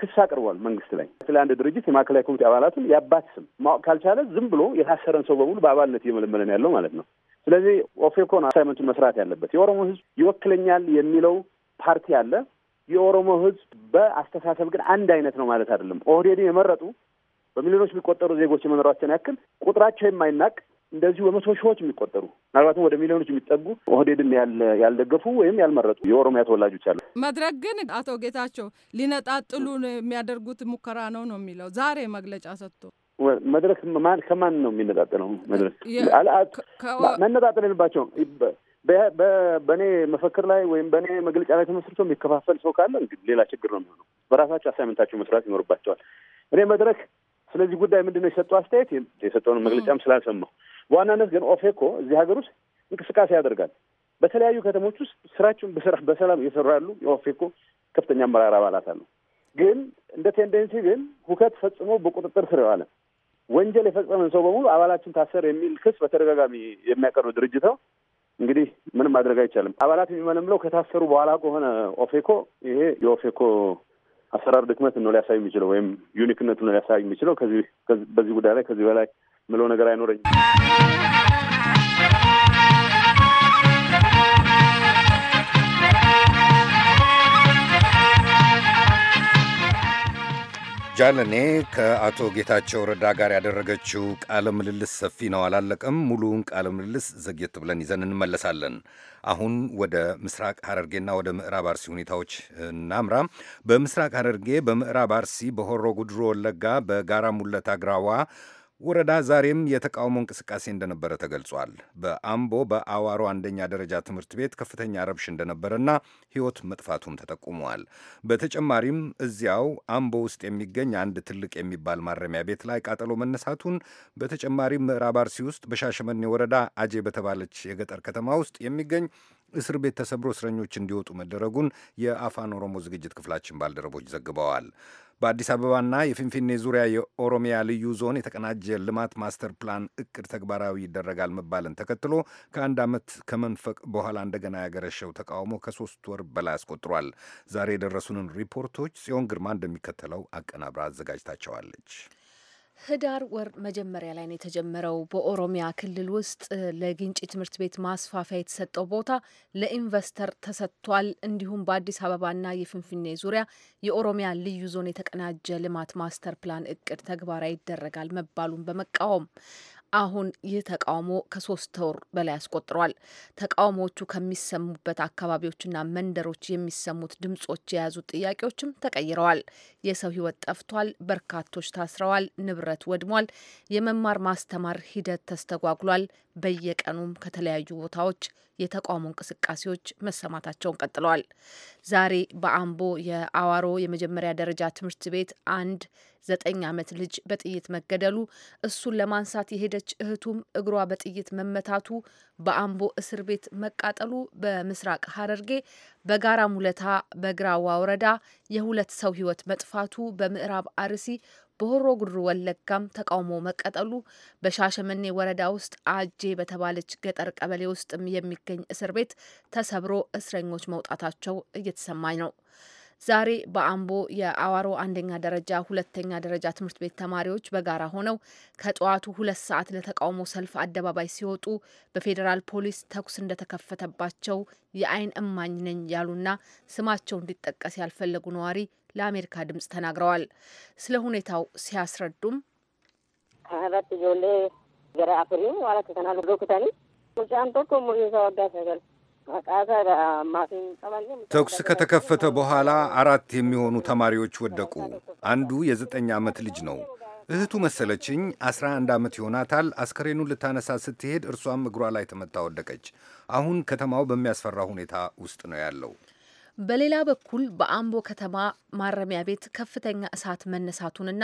ክስ አቅርቧል መንግስት ላይ። ስለ አንድ ድርጅት የማዕከላዊ ኮሚቴ አባላትን የአባት ስም ማወቅ ካልቻለ ዝም ብሎ የታሰረን ሰው በሙሉ በአባልነት እየመለመለን ያለው ማለት ነው። ስለዚህ ኦፌኮ ነው አሳይመንቱን መስራት ያለበት። የኦሮሞ ህዝብ ይወክለኛል የሚለው ፓርቲ አለ። የኦሮሞ ህዝብ በአስተሳሰብ ግን አንድ አይነት ነው ማለት አይደለም። ኦህዴድን የመረጡ በሚሊዮኖች የሚቆጠሩ ዜጎች የመኖራቸውን ያክል ቁጥራቸው የማይናቅ እንደዚሁ በመቶ ሺዎች የሚቆጠሩ ምናልባትም ወደ ሚሊዮኖች የሚጠጉ ኦህዴድን ያልደገፉ ወይም ያልመረጡ የኦሮሚያ ተወላጆች አሉ። መድረክ ግን አቶ ጌታቸው ሊነጣጥሉን የሚያደርጉት ሙከራ ነው ነው የሚለው ዛሬ መግለጫ ሰጥቶ መድረክ ከማን ነው የሚነጣጥለው? መድረክ መነጣጠል የለባቸውም። በእኔ መፈክር ላይ ወይም በእኔ መግለጫ ላይ ተመስርቶ የሚከፋፈል ሰው ካለ እንግዲህ ሌላ ችግር ነው የሚሆነው። በራሳቸው አሳይመንታቸው መስራት ይኖርባቸዋል። እኔ መድረክ ስለዚህ ጉዳይ ምንድን ነው የሰጠው አስተያየት የሰጠውን መግለጫም ስላልሰማሁ፣ በዋናነት ግን ኦፌኮ እዚህ ሀገር ውስጥ እንቅስቃሴ ያደርጋል። በተለያዩ ከተሞች ውስጥ ስራቸውን በሰላም እየሰሩ ያሉ የኦፌኮ ከፍተኛ አመራር አባላት አሉ። ግን እንደ ቴንደንሲ ግን ሁከት ፈጽሞ በቁጥጥር ስር የዋለ ወንጀል የፈጸመን ሰው በሙሉ አባላችን ታሰር የሚል ክስ በተደጋጋሚ የሚያቀርብ ድርጅት ነው። እንግዲህ ምንም ማድረግ አይቻልም። አባላት የሚመለምለው ከታሰሩ በኋላ ከሆነ ኦፌኮ ይሄ የኦፌኮ አሰራር ድክመት ነው ሊያሳይ የሚችለው ወይም ዩኒክነቱ ነው ሊያሳይ የሚችለው። በዚህ ጉዳይ ላይ ከዚህ በላይ ምለው ነገር አይኖረኝም። ጃለኔ ከአቶ ጌታቸው ረዳ ጋር ያደረገችው ቃለ ምልልስ ሰፊ ነው፣ አላለቀም። ሙሉውን ቃለ ምልልስ ዘግየት ብለን ይዘን እንመለሳለን። አሁን ወደ ምስራቅ ሐረርጌና ወደ ምዕራብ አርሲ ሁኔታዎች እናምራ። በምስራቅ ሐረርጌ፣ በምዕራብ አርሲ፣ በሆሮ ጉድሮ ወለጋ፣ በጋራ ሙለታ ግራዋ ወረዳ ዛሬም የተቃውሞ እንቅስቃሴ እንደነበረ ተገልጿል። በአምቦ በአዋሮ አንደኛ ደረጃ ትምህርት ቤት ከፍተኛ ረብሽ እንደነበረና ሕይወት መጥፋቱም ተጠቁመዋል። በተጨማሪም እዚያው አምቦ ውስጥ የሚገኝ አንድ ትልቅ የሚባል ማረሚያ ቤት ላይ ቃጠሎ መነሳቱን፣ በተጨማሪም ምዕራብ አርሲ ውስጥ በሻሸመኔ ወረዳ አጄ በተባለች የገጠር ከተማ ውስጥ የሚገኝ እስር ቤት ተሰብሮ እስረኞች እንዲወጡ መደረጉን የአፋን ኦሮሞ ዝግጅት ክፍላችን ባልደረቦች ዘግበዋል። በአዲስ አበባና የፊንፊኔ ዙሪያ የኦሮሚያ ልዩ ዞን የተቀናጀ ልማት ማስተር ፕላን እቅድ ተግባራዊ ይደረጋል መባልን ተከትሎ ከአንድ ዓመት ከመንፈቅ በኋላ እንደገና ያገረሸው ተቃውሞ ከሶስት ወር በላይ አስቆጥሯል። ዛሬ የደረሱንን ሪፖርቶች ጽዮን ግርማ እንደሚከተለው አቀናብራ አዘጋጅታቸዋለች። ህዳር ወር መጀመሪያ ላይ ነው የተጀመረው። በኦሮሚያ ክልል ውስጥ ለግንጭ ትምህርት ቤት ማስፋፊያ የተሰጠው ቦታ ለኢንቨስተር ተሰጥቷል። እንዲሁም በአዲስ አበባና የፍንፍኔ ዙሪያ የኦሮሚያ ልዩ ዞን የተቀናጀ ልማት ማስተር ፕላን እቅድ ተግባራዊ ይደረጋል መባሉን በመቃወም አሁን ይህ ተቃውሞ ከሶስት ወር በላይ አስቆጥሯል። ተቃውሞዎቹ ከሚሰሙበት አካባቢዎችና መንደሮች የሚሰሙት ድምጾች የያዙ ጥያቄዎችም ተቀይረዋል። የሰው ሕይወት ጠፍቷል፣ በርካቶች ታስረዋል፣ ንብረት ወድሟል፣ የመማር ማስተማር ሂደት ተስተጓጉሏል። በየቀኑም ከተለያዩ ቦታዎች የተቃውሞ እንቅስቃሴዎች መሰማታቸውን ቀጥለዋል። ዛሬ በአምቦ የአዋሮ የመጀመሪያ ደረጃ ትምህርት ቤት አንድ ዘጠኝ ዓመት ልጅ በጥይት መገደሉ፣ እሱን ለማንሳት የሄደች እህቱም እግሯ በጥይት መመታቱ፣ በአምቦ እስር ቤት መቃጠሉ በምስራቅ ሐረርጌ በጋራ ሙለታ በግራዋ ወረዳ የሁለት ሰው ሕይወት መጥፋቱ፣ በምዕራብ አርሲ በሆሮ ጉድሩ ወለጋም ተቃውሞ መቀጠሉ፣ በሻሸመኔ ወረዳ ውስጥ አጄ በተባለች ገጠር ቀበሌ ውስጥም የሚገኝ እስር ቤት ተሰብሮ እስረኞች መውጣታቸው እየተሰማኝ ነው። ዛሬ በአምቦ የአዋሮ አንደኛ ደረጃ ሁለተኛ ደረጃ ትምህርት ቤት ተማሪዎች በጋራ ሆነው ከጠዋቱ ሁለት ሰዓት ለተቃውሞ ሰልፍ አደባባይ ሲወጡ በፌዴራል ፖሊስ ተኩስ እንደተከፈተባቸው የአይን እማኝ ነኝ ያሉና ስማቸው እንዲጠቀስ ያልፈለጉ ነዋሪ ለአሜሪካ ድምጽ ተናግረዋል። ስለ ሁኔታው ሲያስረዱም ማለት ተኩስ ከተከፈተ በኋላ አራት የሚሆኑ ተማሪዎች ወደቁ። አንዱ የዘጠኝ ዓመት ልጅ ነው። እህቱ መሰለችኝ አስራ አንድ ዓመት ይሆናታል። አስከሬኑን ልታነሳ ስትሄድ እርሷም እግሯ ላይ ተመታ ወደቀች። አሁን ከተማው በሚያስፈራ ሁኔታ ውስጥ ነው ያለው። በሌላ በኩል በአምቦ ከተማ ማረሚያ ቤት ከፍተኛ እሳት መነሳቱንና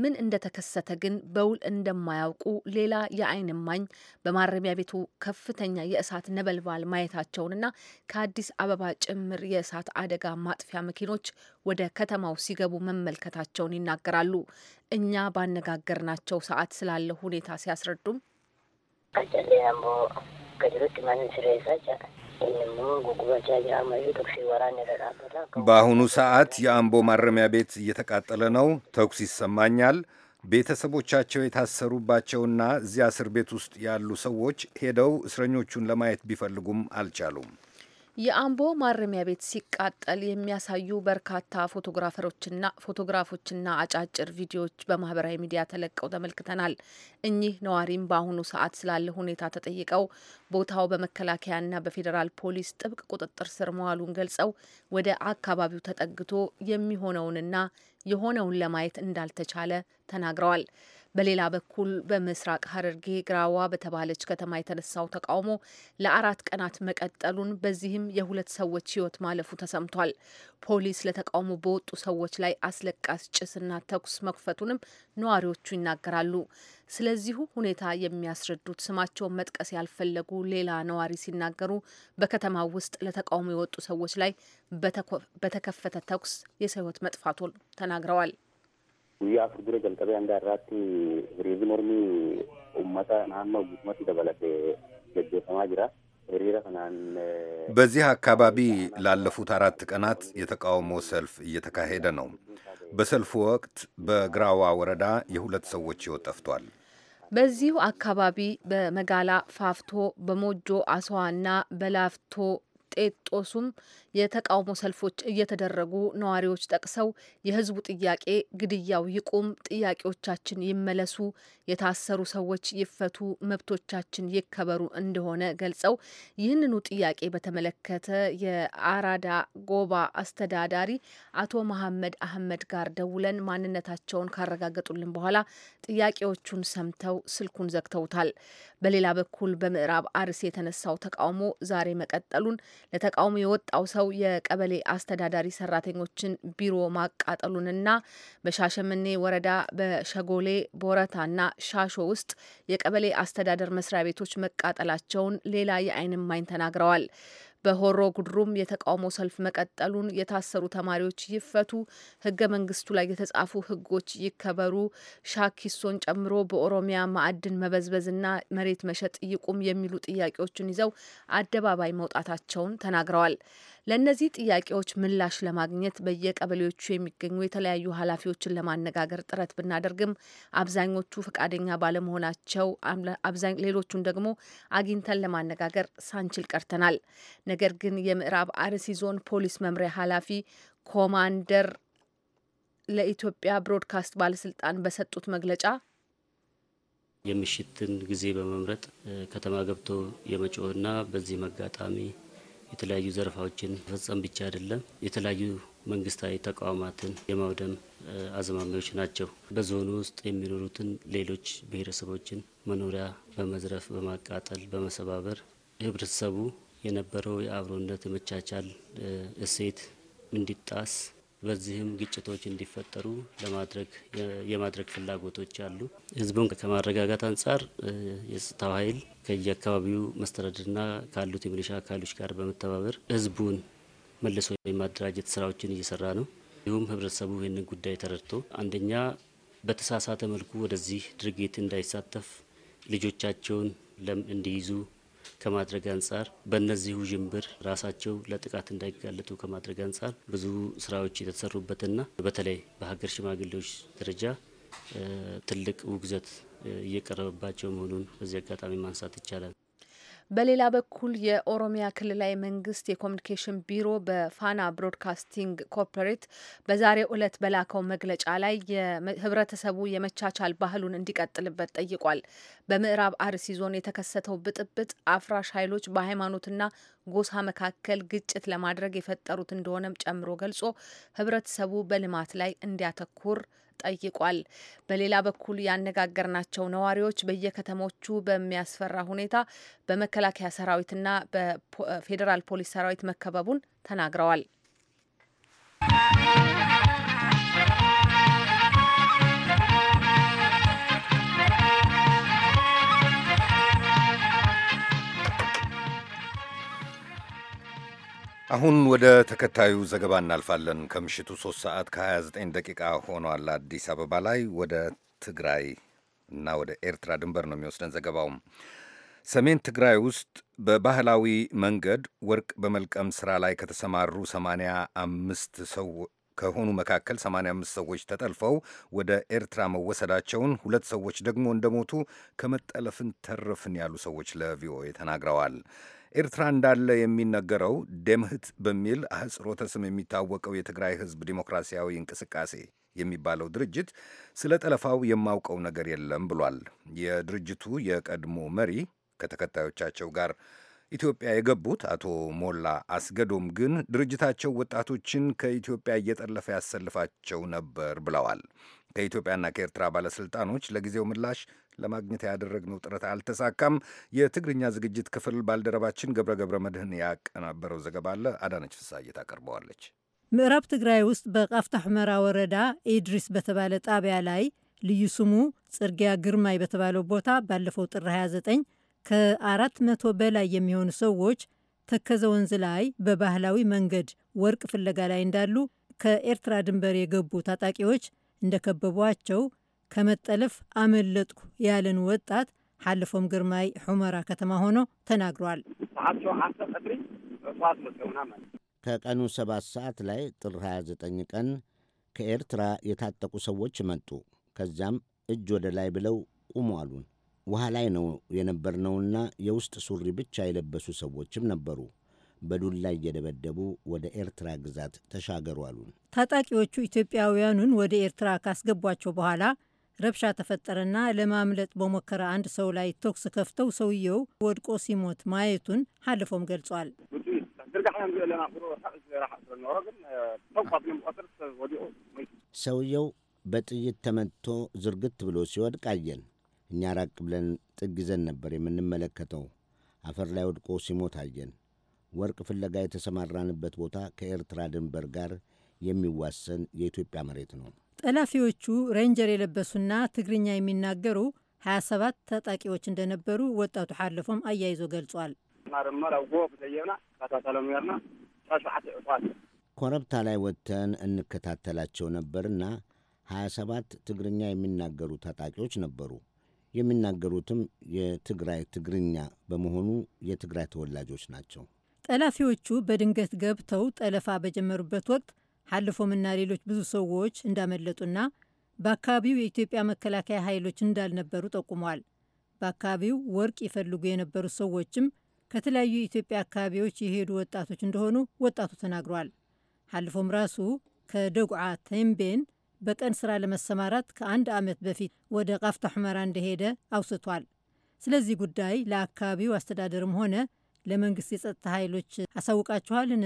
ምን እንደተከሰተ ግን በውል እንደማያውቁ ሌላ የዓይን እማኝ በማረሚያ ቤቱ ከፍተኛ የእሳት ነበልባል ማየታቸውንና ከአዲስ አበባ ጭምር የእሳት አደጋ ማጥፊያ መኪኖች ወደ ከተማው ሲገቡ መመልከታቸውን ይናገራሉ። እኛ ባነጋገርናቸው ሰዓት ስላለ ሁኔታ ሲያስረዱም በአሁኑ ሰዓት የአምቦ ማረሚያ ቤት እየተቃጠለ ነው። ተኩስ ይሰማኛል። ቤተሰቦቻቸው የታሰሩባቸውና እዚያ እስር ቤት ውስጥ ያሉ ሰዎች ሄደው እስረኞቹን ለማየት ቢፈልጉም አልቻሉም። የአምቦ ማረሚያ ቤት ሲቃጠል የሚያሳዩ በርካታ ፎቶግራፈሮችና ፎቶግራፎችና አጫጭር ቪዲዮዎች በማህበራዊ ሚዲያ ተለቀው ተመልክተናል። እኚህ ነዋሪም በአሁኑ ሰዓት ስላለ ሁኔታ ተጠይቀው ቦታው በመከላከያና በፌዴራል ፖሊስ ጥብቅ ቁጥጥር ስር መዋሉን ገልጸው ወደ አካባቢው ተጠግቶ የሚሆነውንና የሆነውን ለማየት እንዳልተቻለ ተናግረዋል። በሌላ በኩል በምስራቅ ሀረርጌ ግራዋ በተባለች ከተማ የተነሳው ተቃውሞ ለአራት ቀናት መቀጠሉን በዚህም የሁለት ሰዎች ሕይወት ማለፉ ተሰምቷል። ፖሊስ ለተቃውሞ በወጡ ሰዎች ላይ አስለቃስ ጭስና ተኩስ መክፈቱንም ነዋሪዎቹ ይናገራሉ። ስለዚሁ ሁኔታ የሚያስረዱት ስማቸውን መጥቀስ ያልፈለጉ ሌላ ነዋሪ ሲናገሩ በከተማ ውስጥ ለተቃውሞ የወጡ ሰዎች ላይ በተከፈተ ተኩስ የሰው ሕይወት መጥፋቱን ተናግረዋል። guyyaa afur dura jalqabee hanga irraatti hiriirri mormii uummata naannoo guutummaatti dabalatee gaggeeffamaa jira. hiriira kanaan በዚህ አካባቢ ላለፉት አራት ቀናት የተቃውሞ ሰልፍ እየተካሄደ ነው። በሰልፉ ወቅት በግራዋ ወረዳ የሁለት ሰዎች ሕይወት ጠፍቷል። በዚሁ አካባቢ በመጋላ ፋፍቶ፣ በሞጆ አስዋና በላፍቶ ጤጦሱም የተቃውሞ ሰልፎች እየተደረጉ ነዋሪዎች ጠቅሰው የህዝቡ ጥያቄ ግድያው ይቁም፣ ጥያቄዎቻችን ይመለሱ፣ የታሰሩ ሰዎች ይፈቱ፣ መብቶቻችን ይከበሩ እንደሆነ ገልጸው ይህንኑ ጥያቄ በተመለከተ የአራዳ ጎባ አስተዳዳሪ አቶ መሐመድ አህመድ ጋር ደውለን ማንነታቸውን ካረጋገጡልን በኋላ ጥያቄዎቹን ሰምተው ስልኩን ዘግተውታል። በሌላ በኩል በምዕራብ አርሲ የተነሳው ተቃውሞ ዛሬ መቀጠሉን ለተቃውሞ የወጣው ሰው የገለጸው የቀበሌ አስተዳዳሪ ሰራተኞችን ቢሮ ማቃጠሉንና በሻሸመኔ ወረዳ በሸጎሌ ቦረታና ሻሾ ውስጥ የቀበሌ አስተዳደር መስሪያ ቤቶች መቃጠላቸውን ሌላ የዓይን እማኝ ተናግረዋል። በሆሮ ጉድሩም የተቃውሞ ሰልፍ መቀጠሉን፣ የታሰሩ ተማሪዎች ይፈቱ፣ ህገ መንግስቱ ላይ የተጻፉ ህጎች ይከበሩ፣ ሻኪሶን ጨምሮ በኦሮሚያ ማዕድን መበዝበዝና መሬት መሸጥ ይቁም የሚሉ ጥያቄዎችን ይዘው አደባባይ መውጣታቸውን ተናግረዋል። ለእነዚህ ጥያቄዎች ምላሽ ለማግኘት በየቀበሌዎቹ የሚገኙ የተለያዩ ኃላፊዎችን ለማነጋገር ጥረት ብናደርግም አብዛኞቹ ፈቃደኛ ባለመሆናቸው ሌሎቹን ደግሞ አግኝተን ለማነጋገር ሳንችል ቀርተናል። ነገር ግን የምዕራብ አርሲ ዞን ፖሊስ መምሪያ ኃላፊ ኮማንደር ለኢትዮጵያ ብሮድካስት ባለስልጣን በሰጡት መግለጫ የምሽትን ጊዜ በመምረጥ ከተማ ገብቶ የመጮህና በዚህም አጋጣሚ የተለያዩ ዘረፋዎችን ፈጸም ብቻ አይደለም የተለያዩ መንግስታዊ ተቋማትን የማውደም አዝማሚያዎች ናቸው። በዞኑ ውስጥ የሚኖሩትን ሌሎች ብሔረሰቦችን መኖሪያ በመዝረፍ፣ በማቃጠል፣ በመሰባበር ህብረተሰቡ የነበረው የአብሮነት የመቻቻል እሴት እንዲጣስ በዚህም ግጭቶች እንዲፈጠሩ ለማድረግ የማድረግ ፍላጎቶች አሉ። ህዝቡን ከማረጋጋት አንጻር የጸጥታው ኃይል ከየአካባቢው መስተዳድርና ካሉት የሚሊሻ አካሎች ጋር በመተባበር ህዝቡን መልሶ የማደራጀት ስራዎችን እየሰራ ነው። እንዲሁም ህብረተሰቡ ይህንን ጉዳይ ተረድቶ አንደኛ በተሳሳተ መልኩ ወደዚህ ድርጊት እንዳይሳተፍ ልጆቻቸውን ለም እንዲይዙ ከማድረግ አንጻር በእነዚሁ ዥንብር ራሳቸው ለጥቃት እንዳይጋለጡ ከማድረግ አንጻር ብዙ ስራዎች የተሰሩበትና በተለይ በሀገር ሽማግሌዎች ደረጃ ትልቅ ውግዘት እየቀረበባቸው መሆኑን በዚህ አጋጣሚ ማንሳት ይቻላል። በሌላ በኩል የኦሮሚያ ክልላዊ መንግስት የኮሚኒኬሽን ቢሮ በፋና ብሮድካስቲንግ ኮርፖሬት በዛሬው ዕለት በላከው መግለጫ ላይ ህብረተሰቡ የመቻቻል ባህሉን እንዲቀጥልበት ጠይቋል። በምዕራብ አርሲ ዞን የተከሰተው ብጥብጥ አፍራሽ ኃይሎች በሃይማኖትና ጎሳ መካከል ግጭት ለማድረግ የፈጠሩት እንደሆነም ጨምሮ ገልጾ ህብረተሰቡ በልማት ላይ እንዲያተኩር ጠይቋል። በሌላ በኩል ያነጋገርናቸው ነዋሪዎች በየከተሞቹ በሚያስፈራ ሁኔታ በመከላከያ ሰራዊትና በፌዴራል ፖሊስ ሰራዊት መከበቡን ተናግረዋል። አሁን ወደ ተከታዩ ዘገባ እናልፋለን። ከምሽቱ 3 ሰዓት ከ29 ደቂቃ ሆኗል። አዲስ አበባ ላይ ወደ ትግራይ እና ወደ ኤርትራ ድንበር ነው የሚወስደን ዘገባውም። ሰሜን ትግራይ ውስጥ በባህላዊ መንገድ ወርቅ በመልቀም ስራ ላይ ከተሰማሩ 85 ሰው ከሆኑ መካከል 85 ሰዎች ተጠልፈው ወደ ኤርትራ መወሰዳቸውን፣ ሁለት ሰዎች ደግሞ እንደሞቱ ከመጠለፍን ተረፍን ያሉ ሰዎች ለቪኦኤ ተናግረዋል። ኤርትራ እንዳለ የሚነገረው ደምህት በሚል አህጽሮተ ስም የሚታወቀው የትግራይ ህዝብ ዲሞክራሲያዊ እንቅስቃሴ የሚባለው ድርጅት ስለ ጠለፋው የማውቀው ነገር የለም ብሏል። የድርጅቱ የቀድሞ መሪ ከተከታዮቻቸው ጋር ኢትዮጵያ የገቡት አቶ ሞላ አስገዶም ግን ድርጅታቸው ወጣቶችን ከኢትዮጵያ እየጠለፈ ያሰልፋቸው ነበር ብለዋል። ከኢትዮጵያና ከኤርትራ ባለስልጣኖች ለጊዜው ምላሽ ለማግኘት ያደረግነው ጥረት አልተሳካም። የትግርኛ ዝግጅት ክፍል ባልደረባችን ገብረ ገብረ መድህን ያቀናበረው ዘገባ አለ። አዳነች ፍሳዬ ታቀርበዋለች። ምዕራብ ትግራይ ውስጥ በቃፍታ ሁመራ ወረዳ ኢድሪስ በተባለ ጣቢያ ላይ ልዩ ስሙ ጽርጊያ ግርማይ በተባለው ቦታ ባለፈው ጥር 29 ከአራት መቶ በላይ የሚሆኑ ሰዎች ተከዘ ወንዝ ላይ በባህላዊ መንገድ ወርቅ ፍለጋ ላይ እንዳሉ ከኤርትራ ድንበር የገቡ ታጣቂዎች እንደከበቧቸው ከመጠለፍ አመለጥኩ ያለን ወጣት ሓልፎም ግርማይ ሑመራ ከተማ ሆኖ ተናግሯል። ከቀኑ ሰባት ሰዓት ላይ ጥር 29 ቀን ከኤርትራ የታጠቁ ሰዎች መጡ። ከዚያም እጅ ወደ ላይ ብለው ቁሙ አሉን። ውሃ ላይ ነው የነበርነውና የውስጥ ሱሪ ብቻ የለበሱ ሰዎችም ነበሩ። በዱላ እየደበደቡ ወደ ኤርትራ ግዛት ተሻገሩ አሉን። ታጣቂዎቹ ኢትዮጵያውያኑን ወደ ኤርትራ ካስገቧቸው በኋላ ረብሻ ተፈጠረና ለማምለጥ በሞከረ አንድ ሰው ላይ ተኩስ ከፍተው ሰውየው ወድቆ ሲሞት ማየቱን ሀልፎም ገልጿል። ሰውየው በጥይት ተመትቶ ዝርግት ብሎ ሲወድቅ አየን። እኛ ራቅ ብለን ጥግ ይዘን ነበር የምንመለከተው። አፈር ላይ ወድቆ ሲሞት አየን። ወርቅ ፍለጋ የተሰማራንበት ቦታ ከኤርትራ ድንበር ጋር የሚዋሰን የኢትዮጵያ መሬት ነው። ጠላፊዎቹ ሬንጀር የለበሱና ትግርኛ የሚናገሩ 27 ታጣቂዎች እንደነበሩ ወጣቱ ሓለፎም አያይዞ ገልጿል። ኮረብታ ላይ ወጥተን እንከታተላቸው ነበርና 27 ትግርኛ የሚናገሩ ታጣቂዎች ነበሩ። የሚናገሩትም የትግራይ ትግርኛ በመሆኑ የትግራይ ተወላጆች ናቸው። ጠላፊዎቹ በድንገት ገብተው ጠለፋ በጀመሩበት ወቅት ሐልፎምና ሌሎች ብዙ ሰዎች እንዳመለጡና በአካባቢው የኢትዮጵያ መከላከያ ኃይሎች እንዳልነበሩ ጠቁመዋል። በአካባቢው ወርቅ ይፈልጉ የነበሩ ሰዎችም ከተለያዩ የኢትዮጵያ አካባቢዎች የሄዱ ወጣቶች እንደሆኑ ወጣቱ ተናግሯል። ሐልፎም ራሱ ከደጉዓ ተምቤን በቀን ስራ ለመሰማራት ከአንድ ዓመት በፊት ወደ ቃፍታ ሑመራ እንደሄደ አውስቷል። ስለዚህ ጉዳይ ለአካባቢው አስተዳደርም ሆነ ለመንግስት የጸጥታ ኃይሎች አሳውቃችኋልን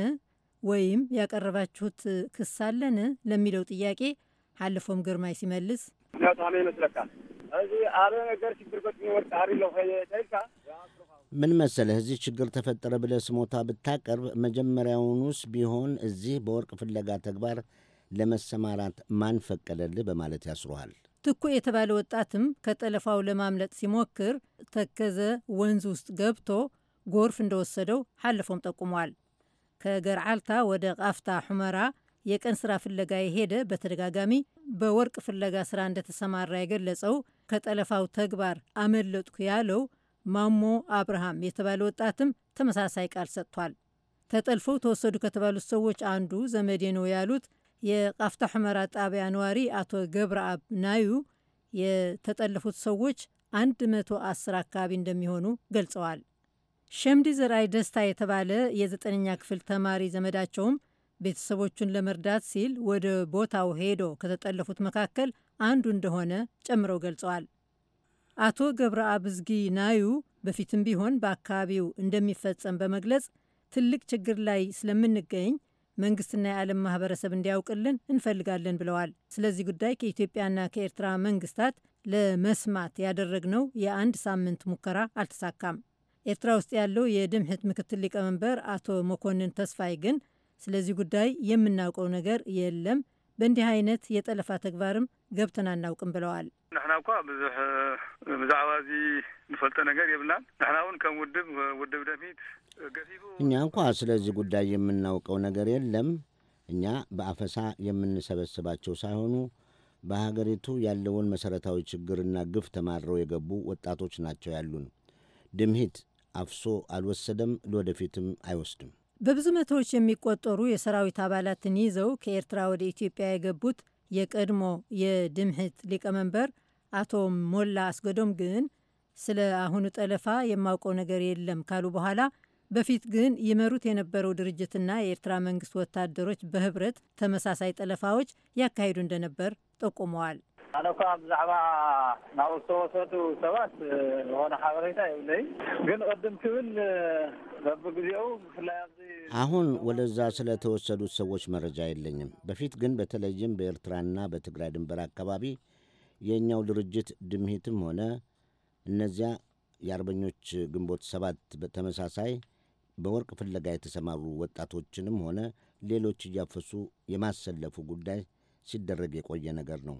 ወይም ያቀረባችሁት ክስ አለን ለሚለው ጥያቄ አልፎም ግርማይ ሲመልስ ምን መሰለህ እዚህ ችግር ተፈጠረ ብለህ ስሞታ ብታቀርብ መጀመሪያውኑስ ቢሆን እዚህ በወርቅ ፍለጋ ተግባር ለመሰማራት ማን ፈቀደልህ በማለት ያስሩሃል። ትኩ የተባለ ወጣትም ከጠለፋው ለማምለጥ ሲሞክር ተከዘ ወንዝ ውስጥ ገብቶ ጎርፍ እንደወሰደው ሓልፎም ጠቁሟል። ከገርዓልታ ወደ ቃፍታ ሑመራ የቀን ስራ ፍለጋ የሄደ በተደጋጋሚ በወርቅ ፍለጋ ስራ እንደተሰማራ የገለጸው ከጠለፋው ተግባር አመለጥኩ ያለው ማሞ አብርሃም የተባለ ወጣትም ተመሳሳይ ቃል ሰጥቷል። ተጠልፈው ተወሰዱ ከተባሉት ሰዎች አንዱ ዘመዴ ነው ያሉት የቃፍታ ሑመራ ጣቢያ ነዋሪ አቶ ገብረአብ ናዩ የተጠለፉት ሰዎች 110 አካባቢ እንደሚሆኑ ገልጸዋል። ሸምዲ ዘርአይ ደስታ የተባለ የዘጠነኛ ክፍል ተማሪ ዘመዳቸውም ቤተሰቦቹን ለመርዳት ሲል ወደ ቦታው ሄዶ ከተጠለፉት መካከል አንዱ እንደሆነ ጨምረው ገልጸዋል። አቶ ገብረ አብዝጊ ናዩ በፊትም ቢሆን በአካባቢው እንደሚፈጸም በመግለጽ ትልቅ ችግር ላይ ስለምንገኝ መንግስትና የዓለም ማህበረሰብ እንዲያውቅልን እንፈልጋለን ብለዋል። ስለዚህ ጉዳይ ከኢትዮጵያና ከኤርትራ መንግስታት ለመስማት ያደረግነው የአንድ ሳምንት ሙከራ አልተሳካም። ኤርትራ ውስጥ ያለው የድምህት ምክትል ሊቀመንበር አቶ መኮንን ተስፋይ ግን ስለዚህ ጉዳይ የምናውቀው ነገር የለም፣ በእንዲህ አይነት የጠለፋ ተግባርም ገብተን አናውቅም ብለዋል። ንሕና እኳ ብዙሕ ብዛዕባ እዚ ንፈልጦ ነገር የብልናን ንሕና እውን ከም ውድብ ውድብ ደምሂት ገፊቡ እኛ እንኳ ስለዚህ ጉዳይ የምናውቀው ነገር የለም። እኛ በአፈሳ የምንሰበስባቸው ሳይሆኑ በሀገሪቱ ያለውን መሠረታዊ ችግርና ግፍ ተማረው የገቡ ወጣቶች ናቸው ያሉን። ድምሂት አፍሶ አልወሰደም፣ ለወደፊትም አይወስድም። በብዙ መቶዎች የሚቆጠሩ የሰራዊት አባላትን ይዘው ከኤርትራ ወደ ኢትዮጵያ የገቡት የቀድሞ የድምህት ሊቀመንበር አቶ ሞላ አስገዶም ግን ስለ አሁኑ ጠለፋ የማውቀው ነገር የለም ካሉ በኋላ በፊት ግን ይመሩት የነበረው ድርጅትና የኤርትራ መንግስት ወታደሮች በህብረት ተመሳሳይ ጠለፋዎች ያካሂዱ እንደነበር ጠቁመዋል። ኣነ እኳ ብዛዕባ ናብኡ ዝተወሰዱ ሰባት ዝኾነ ሓበሬታ የብለይ ግን ቅድም ክብል በብግዜኡ ብፍላይ ኣብዚ አሁን ወደዛ ስለተወሰዱት ሰዎች መረጃ የለኝም። በፊት ግን በተለይም በኤርትራና በትግራይ ድንበር አካባቢ የእኛው ድርጅት ድምሂትም ሆነ እነዚያ የአርበኞች ግንቦት ሰባት በተመሳሳይ በወርቅ ፍለጋ የተሰማሩ ወጣቶችንም ሆነ ሌሎች እያፈሱ የማሰለፉ ጉዳይ ሲደረግ የቆየ ነገር ነው።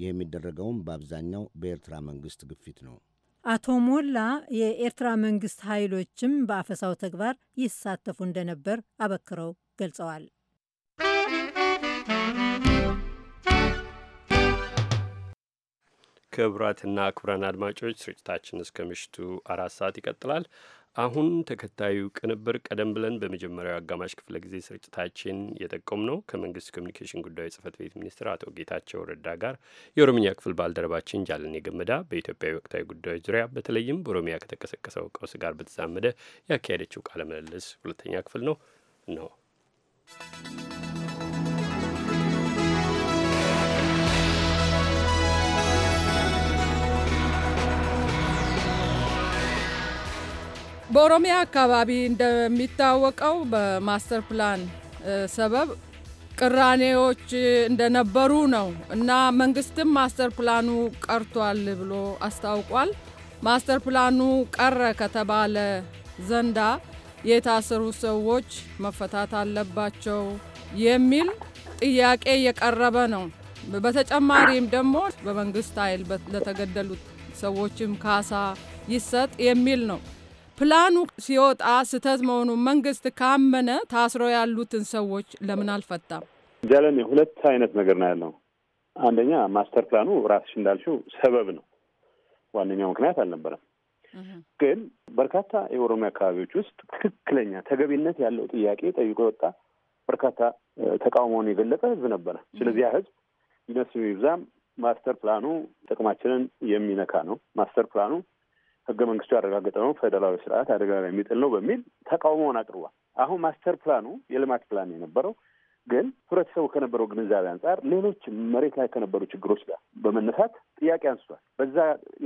ይህ የሚደረገውም በአብዛኛው በኤርትራ መንግስት ግፊት ነው። አቶ ሞላ የኤርትራ መንግስት ኃይሎችም በአፈሳው ተግባር ይሳተፉ እንደነበር አበክረው ገልጸዋል። ክቡራትና ክቡራን አድማጮች ስርጭታችን እስከ ምሽቱ አራት ሰዓት ይቀጥላል። አሁን ተከታዩ ቅንብር ቀደም ብለን በመጀመሪያው አጋማሽ ክፍለ ጊዜ ስርጭታችን የጠቆም ነው ከመንግስት ኮሚኒኬሽን ጉዳዮች ጽህፈት ቤት ሚኒስትር አቶ ጌታቸው ረዳ ጋር የኦሮምኛ ክፍል ባልደረባችን ጃለኔ ገመዳ በኢትዮጵያ ወቅታዊ ጉዳዮች ዙሪያ በተለይም በኦሮሚያ ከተቀሰቀሰው ቀውስ ጋር በተዛመደ ያካሄደችው ቃለ ምልልስ ሁለተኛ ክፍል ነው ነው በኦሮሚያ አካባቢ እንደሚታወቀው በማስተር ፕላን ሰበብ ቅራኔዎች እንደነበሩ ነው እና መንግስትም ማስተር ፕላኑ ቀርቷል ብሎ አስታውቋል። ማስተር ፕላኑ ቀረ ከተባለ ዘንዳ የታሰሩ ሰዎች መፈታት አለባቸው የሚል ጥያቄ እየቀረበ ነው። በተጨማሪም ደግሞ በመንግስት ኃይል ለተገደሉት ሰዎችም ካሳ ይሰጥ የሚል ነው። ፕላኑ ሲወጣ ስህተት መሆኑን መንግስት ካመነ ታስረው ያሉትን ሰዎች ለምን አልፈታም? ጃለኔ ሁለት አይነት ነገር ነው ያለው። አንደኛ ማስተር ፕላኑ ራስሽ እንዳልሽው ሰበብ ነው፣ ዋነኛው ምክንያት አልነበረም። ግን በርካታ የኦሮሚያ አካባቢዎች ውስጥ ትክክለኛ ተገቢነት ያለው ጥያቄ ጠይቆ የወጣ በርካታ ተቃውሞውን የገለጠ ህዝብ ነበረ። ስለዚህ ያ ህዝብ ይነሱ ይብዛም ማስተር ፕላኑ ጥቅማችንን የሚነካ ነው፣ ማስተር ፕላኑ ህገ መንግስቱ ያረጋገጠ ነው፣ ፌደራላዊ ስርዓት አደጋ ላይ የሚጥል ነው በሚል ተቃውሞውን አቅርቧል። አሁን ማስተር ፕላኑ የልማት ፕላን የነበረው ግን ህብረተሰቡ ከነበረው ግንዛቤ አንጻር ሌሎች መሬት ላይ ከነበሩ ችግሮች ጋር በመነሳት ጥያቄ አንስቷል። በዛ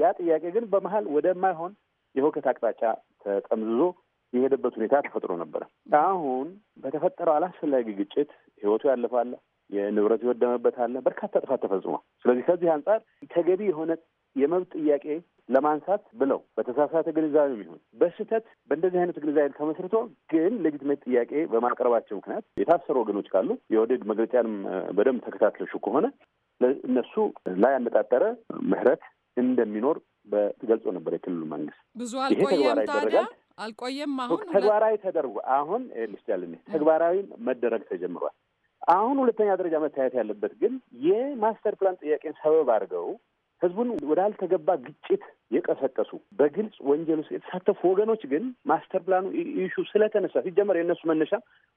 ያ ጥያቄ ግን በመሀል ወደማይሆን የሁከት አቅጣጫ ተጠምዝዞ የሄደበት ሁኔታ ተፈጥሮ ነበረ። አሁን በተፈጠረው አላስፈላጊ ግጭት ህይወቱ ያለፋለ፣ የንብረት ይወደመበት አለ፣ በርካታ ጥፋት ተፈጽሟል። ስለዚህ ከዚህ አንጻር ተገቢ የሆነ የመብት ጥያቄ ለማንሳት ብለው በተሳሳተ ግንዛቤ ይሁን በስህተት በእንደዚህ አይነት ግንዛቤ ተመስርቶ ግን ሌጂትሜት ጥያቄ በማቅረባቸው ምክንያት የታሰሩ ወገኖች ካሉ የወደድ መግለጫንም በደንብ ተከታትለሹ ከሆነ እነሱ ላይ ያነጣጠረ ምህረት እንደሚኖር በገልጾ ነበር የክልሉ መንግስት። ብዙ አልቆየም ታዲያ አልቆየም። አሁን ተግባራዊ ተደርጎ አሁን ልስያል ተግባራዊ መደረግ ተጀምሯል። አሁን ሁለተኛ ደረጃ መታየት ያለበት ግን የማስተር ፕላን ጥያቄን ሰበብ አድርገው ህዝቡን ወዳልተገባ ግጭት የቀሰቀሱ በግልጽ ወንጀል ውስጥ የተሳተፉ ወገኖች ግን ማስተር ፕላኑ ኢሹ ስለተነሳ ሲጀመር የእነሱ መነሻ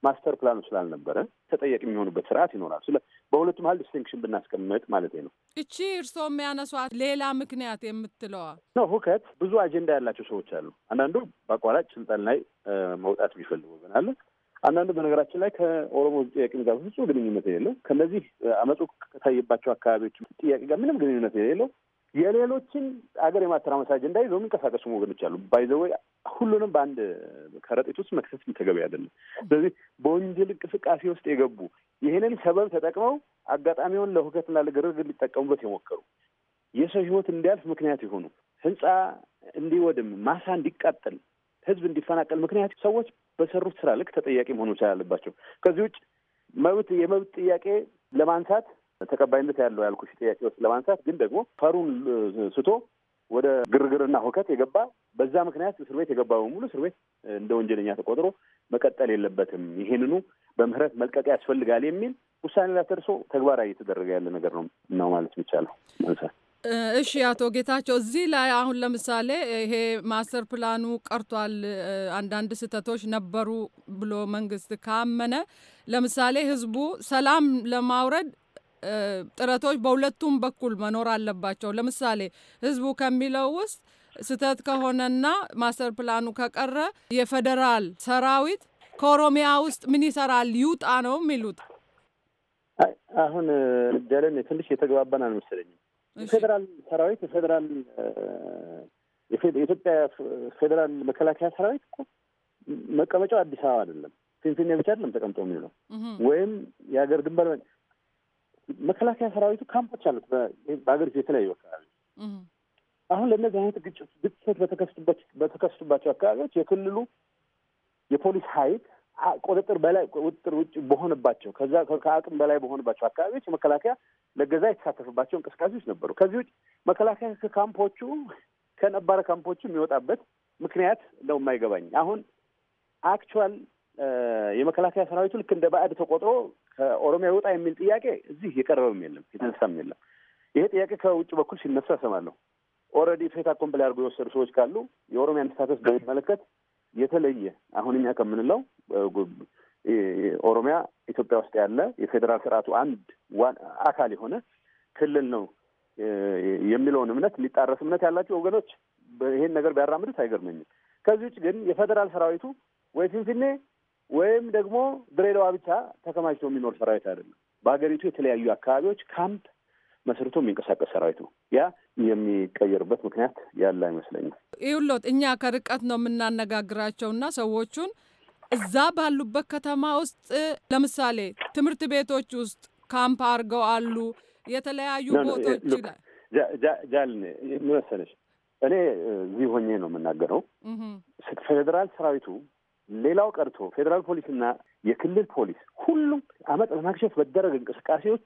ማስተር ፕላኑ ስላልነበረ ተጠያቂ የሚሆኑበት ስርዓት ይኖራል። ስለ በሁለቱ መሀል ዲስቲንክሽን ብናስቀምጥ ማለት ነው። እቺ እርስዎ የሚያነሷት ሌላ ምክንያት የምትለዋ ነው። ሁከት ብዙ አጀንዳ ያላቸው ሰዎች አሉ። አንዳንዱ በአቋራጭ ስልጣን ላይ መውጣት የሚፈልግ ወገን አለ። አንዳንዱ በነገራችን ላይ ከኦሮሞ ጥያቄ ጋር ፍጹም ግንኙነት የሌለው ከነዚህ አመፁ ከታየባቸው አካባቢዎች ጥያቄ ጋር ምንም ግንኙነት የሌለው የሌሎችን አገር የማተራመስ አጀንዳ ይዘው የሚንቀሳቀሱ ወገኖች አሉ። ባይዘወይ ሁሉንም በአንድ ከረጢት ውስጥ መክሰስ ተገቢ አይደለም። ስለዚህ በወንጀል እንቅስቃሴ ውስጥ የገቡ ይህንን ሰበብ ተጠቅመው አጋጣሚውን ለሁከትና ለግርግር ሊጠቀሙበት የሞከሩ የሰው ህይወት እንዲያልፍ ምክንያት የሆኑ ህንፃ እንዲወድም፣ ማሳ እንዲቃጠል፣ ህዝብ እንዲፈናቀል ምክንያት ሰዎች በሰሩት ስራ ልክ ተጠያቂ መሆኑ መቻል አለባቸው። ከዚህ ውጭ መብት የመብት ጥያቄ ለማንሳት ተቀባይነት ያለው ያልኩሽ ጥያቄ ውስጥ ለማንሳት ግን ደግሞ ፈሩን ስቶ ወደ ግርግርና ሁከት የገባ በዛ ምክንያት እስር ቤት የገባ በሙሉ እስር ቤት እንደ ወንጀለኛ ተቆጥሮ መቀጠል የለበትም። ይሄንኑ በምህረት መልቀቅ ያስፈልጋል የሚል ውሳኔ ላይ ተደርሶ ተግባራዊ እየተደረገ ያለ ነገር ነው ነው ማለት የሚቻለው። እሺ አቶ ጌታቸው እዚህ ላይ አሁን ለምሳሌ ይሄ ማስተር ፕላኑ ቀርቷል፣ አንዳንድ ስህተቶች ነበሩ ብሎ መንግስት ካመነ ለምሳሌ ህዝቡ ሰላም ለማውረድ ጥረቶች በሁለቱም በኩል መኖር አለባቸው። ለምሳሌ ህዝቡ ከሚለው ውስጥ ስህተት ከሆነና ማስተር ፕላኑ ከቀረ የፌዴራል ሰራዊት ከኦሮሚያ ውስጥ ምን ይሰራል ይውጣ ነው የሚሉት። አሁን ደለን ትንሽ የተግባባን አልመሰለኝም። የፌዴራል ሰራዊት የፌዴራል የኢትዮጵያ ፌዴራል መከላከያ ሰራዊት እኮ መቀመጫው አዲስ አበባ አይደለም፣ ፊንፊኔ ብቻ አይደለም ተቀምጦ የሚውለው ወይም የሀገር ድንበር መከላከያ ሰራዊቱ ካምፖች አሉት በሀገሪቱ የተለያዩ አካባቢ። አሁን ለእነዚህ አይነት ግጭት ግጭቶች በተከሰቱባቸው አካባቢዎች የክልሉ የፖሊስ ኃይል ቁጥጥር በላይ ቁጥጥር ውጭ በሆነባቸው ከዛ ከአቅም በላይ በሆነባቸው አካባቢዎች መከላከያ ለገዛ የተሳተፈባቸው እንቅስቃሴዎች ነበሩ። ከዚህ ውጭ መከላከያ ከካምፖቹ ከነባረ ካምፖቹ የሚወጣበት ምክንያት ነው የማይገባኝ። አሁን አክቹዋል የመከላከያ ሰራዊቱ ልክ እንደ ባዕድ ተቆጥሮ ከኦሮሚያ ይወጣ የሚል ጥያቄ እዚህ የቀረበም የለም የተነሳም የለም። ይሄ ጥያቄ ከውጭ በኩል ሲነሳ እሰማለሁ። ኦልሬዲ ፌታ አድርጎ የወሰዱ ሰዎች ካሉ የኦሮሚያን ስታተስ በሚመለከት የተለየ አሁን እኛ ከምንለው ኦሮሚያ ኢትዮጵያ ውስጥ ያለ የፌዴራል ስርዓቱ አንድ አካል የሆነ ክልል ነው የሚለውን እምነት የሚጣረስ እምነት ያላቸው ወገኖች ይሄን ነገር ቢያራምዱት አይገርመኝም። ከዚህ ውጭ ግን የፌዴራል ሰራዊቱ ወይ ፊንፊኔ ወይም ደግሞ ድሬዳዋ ብቻ ተከማችቶ የሚኖር ሰራዊት አይደለም። በሀገሪቱ የተለያዩ አካባቢዎች ካምፕ መሰረቱ የሚንቀሳቀስ ሰራዊት ነው። ያ የሚቀየርበት ምክንያት ያለ አይመስለኝም። ይሁሎት እኛ ከርቀት ነው የምናነጋግራቸውና ሰዎቹን እዛ ባሉበት ከተማ ውስጥ ለምሳሌ ትምህርት ቤቶች ውስጥ ካምፕ አድርገው አሉ። የተለያዩ ቦታዎች ይላል መሰለሽ እኔ እዚህ ሆኜ ነው የምናገረው። ፌዴራል ሰራዊቱ ሌላው ቀርቶ ፌዴራል ፖሊስና የክልል ፖሊስ ሁሉም አመፅ ለማክሸፍ በደረግ እንቅስቃሴዎች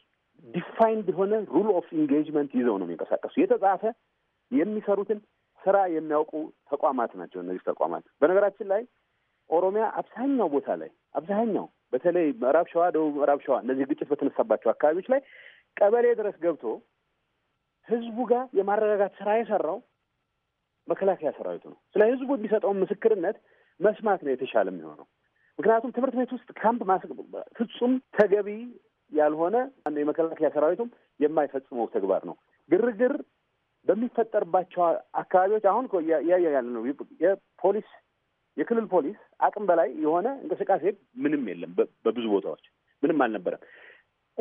ዲፋይንድ የሆነ ሩል ኦፍ ኢንጌጅመንት ይዘው ነው የሚንቀሳቀሱ። የተጻፈ የሚሰሩትን ስራ የሚያውቁ ተቋማት ናቸው እነዚህ ተቋማት። በነገራችን ላይ ኦሮሚያ አብዛኛው ቦታ ላይ አብዛኛው በተለይ ምዕራብ ሸዋ፣ ደቡብ ምዕራብ ሸዋ እነዚህ ግጭት በተነሳባቸው አካባቢዎች ላይ ቀበሌ ድረስ ገብቶ ህዝቡ ጋር የማረጋጋት ስራ የሰራው መከላከያ ሰራዊቱ ነው። ስለ ህዝቡ የሚሰጠውን ምስክርነት መስማት ነው የተሻለ የሚሆነው። ምክንያቱም ትምህርት ቤት ውስጥ ካምፕ ፍጹም ተገቢ ያልሆነ የመከላከያ ሰራዊቱም የማይፈጽመው ተግባር ነው። ግርግር በሚፈጠርባቸው አካባቢዎች አሁን ያለ ነው። የፖሊስ የክልል ፖሊስ አቅም በላይ የሆነ እንቅስቃሴ ምንም የለም። በብዙ ቦታዎች ምንም አልነበረም።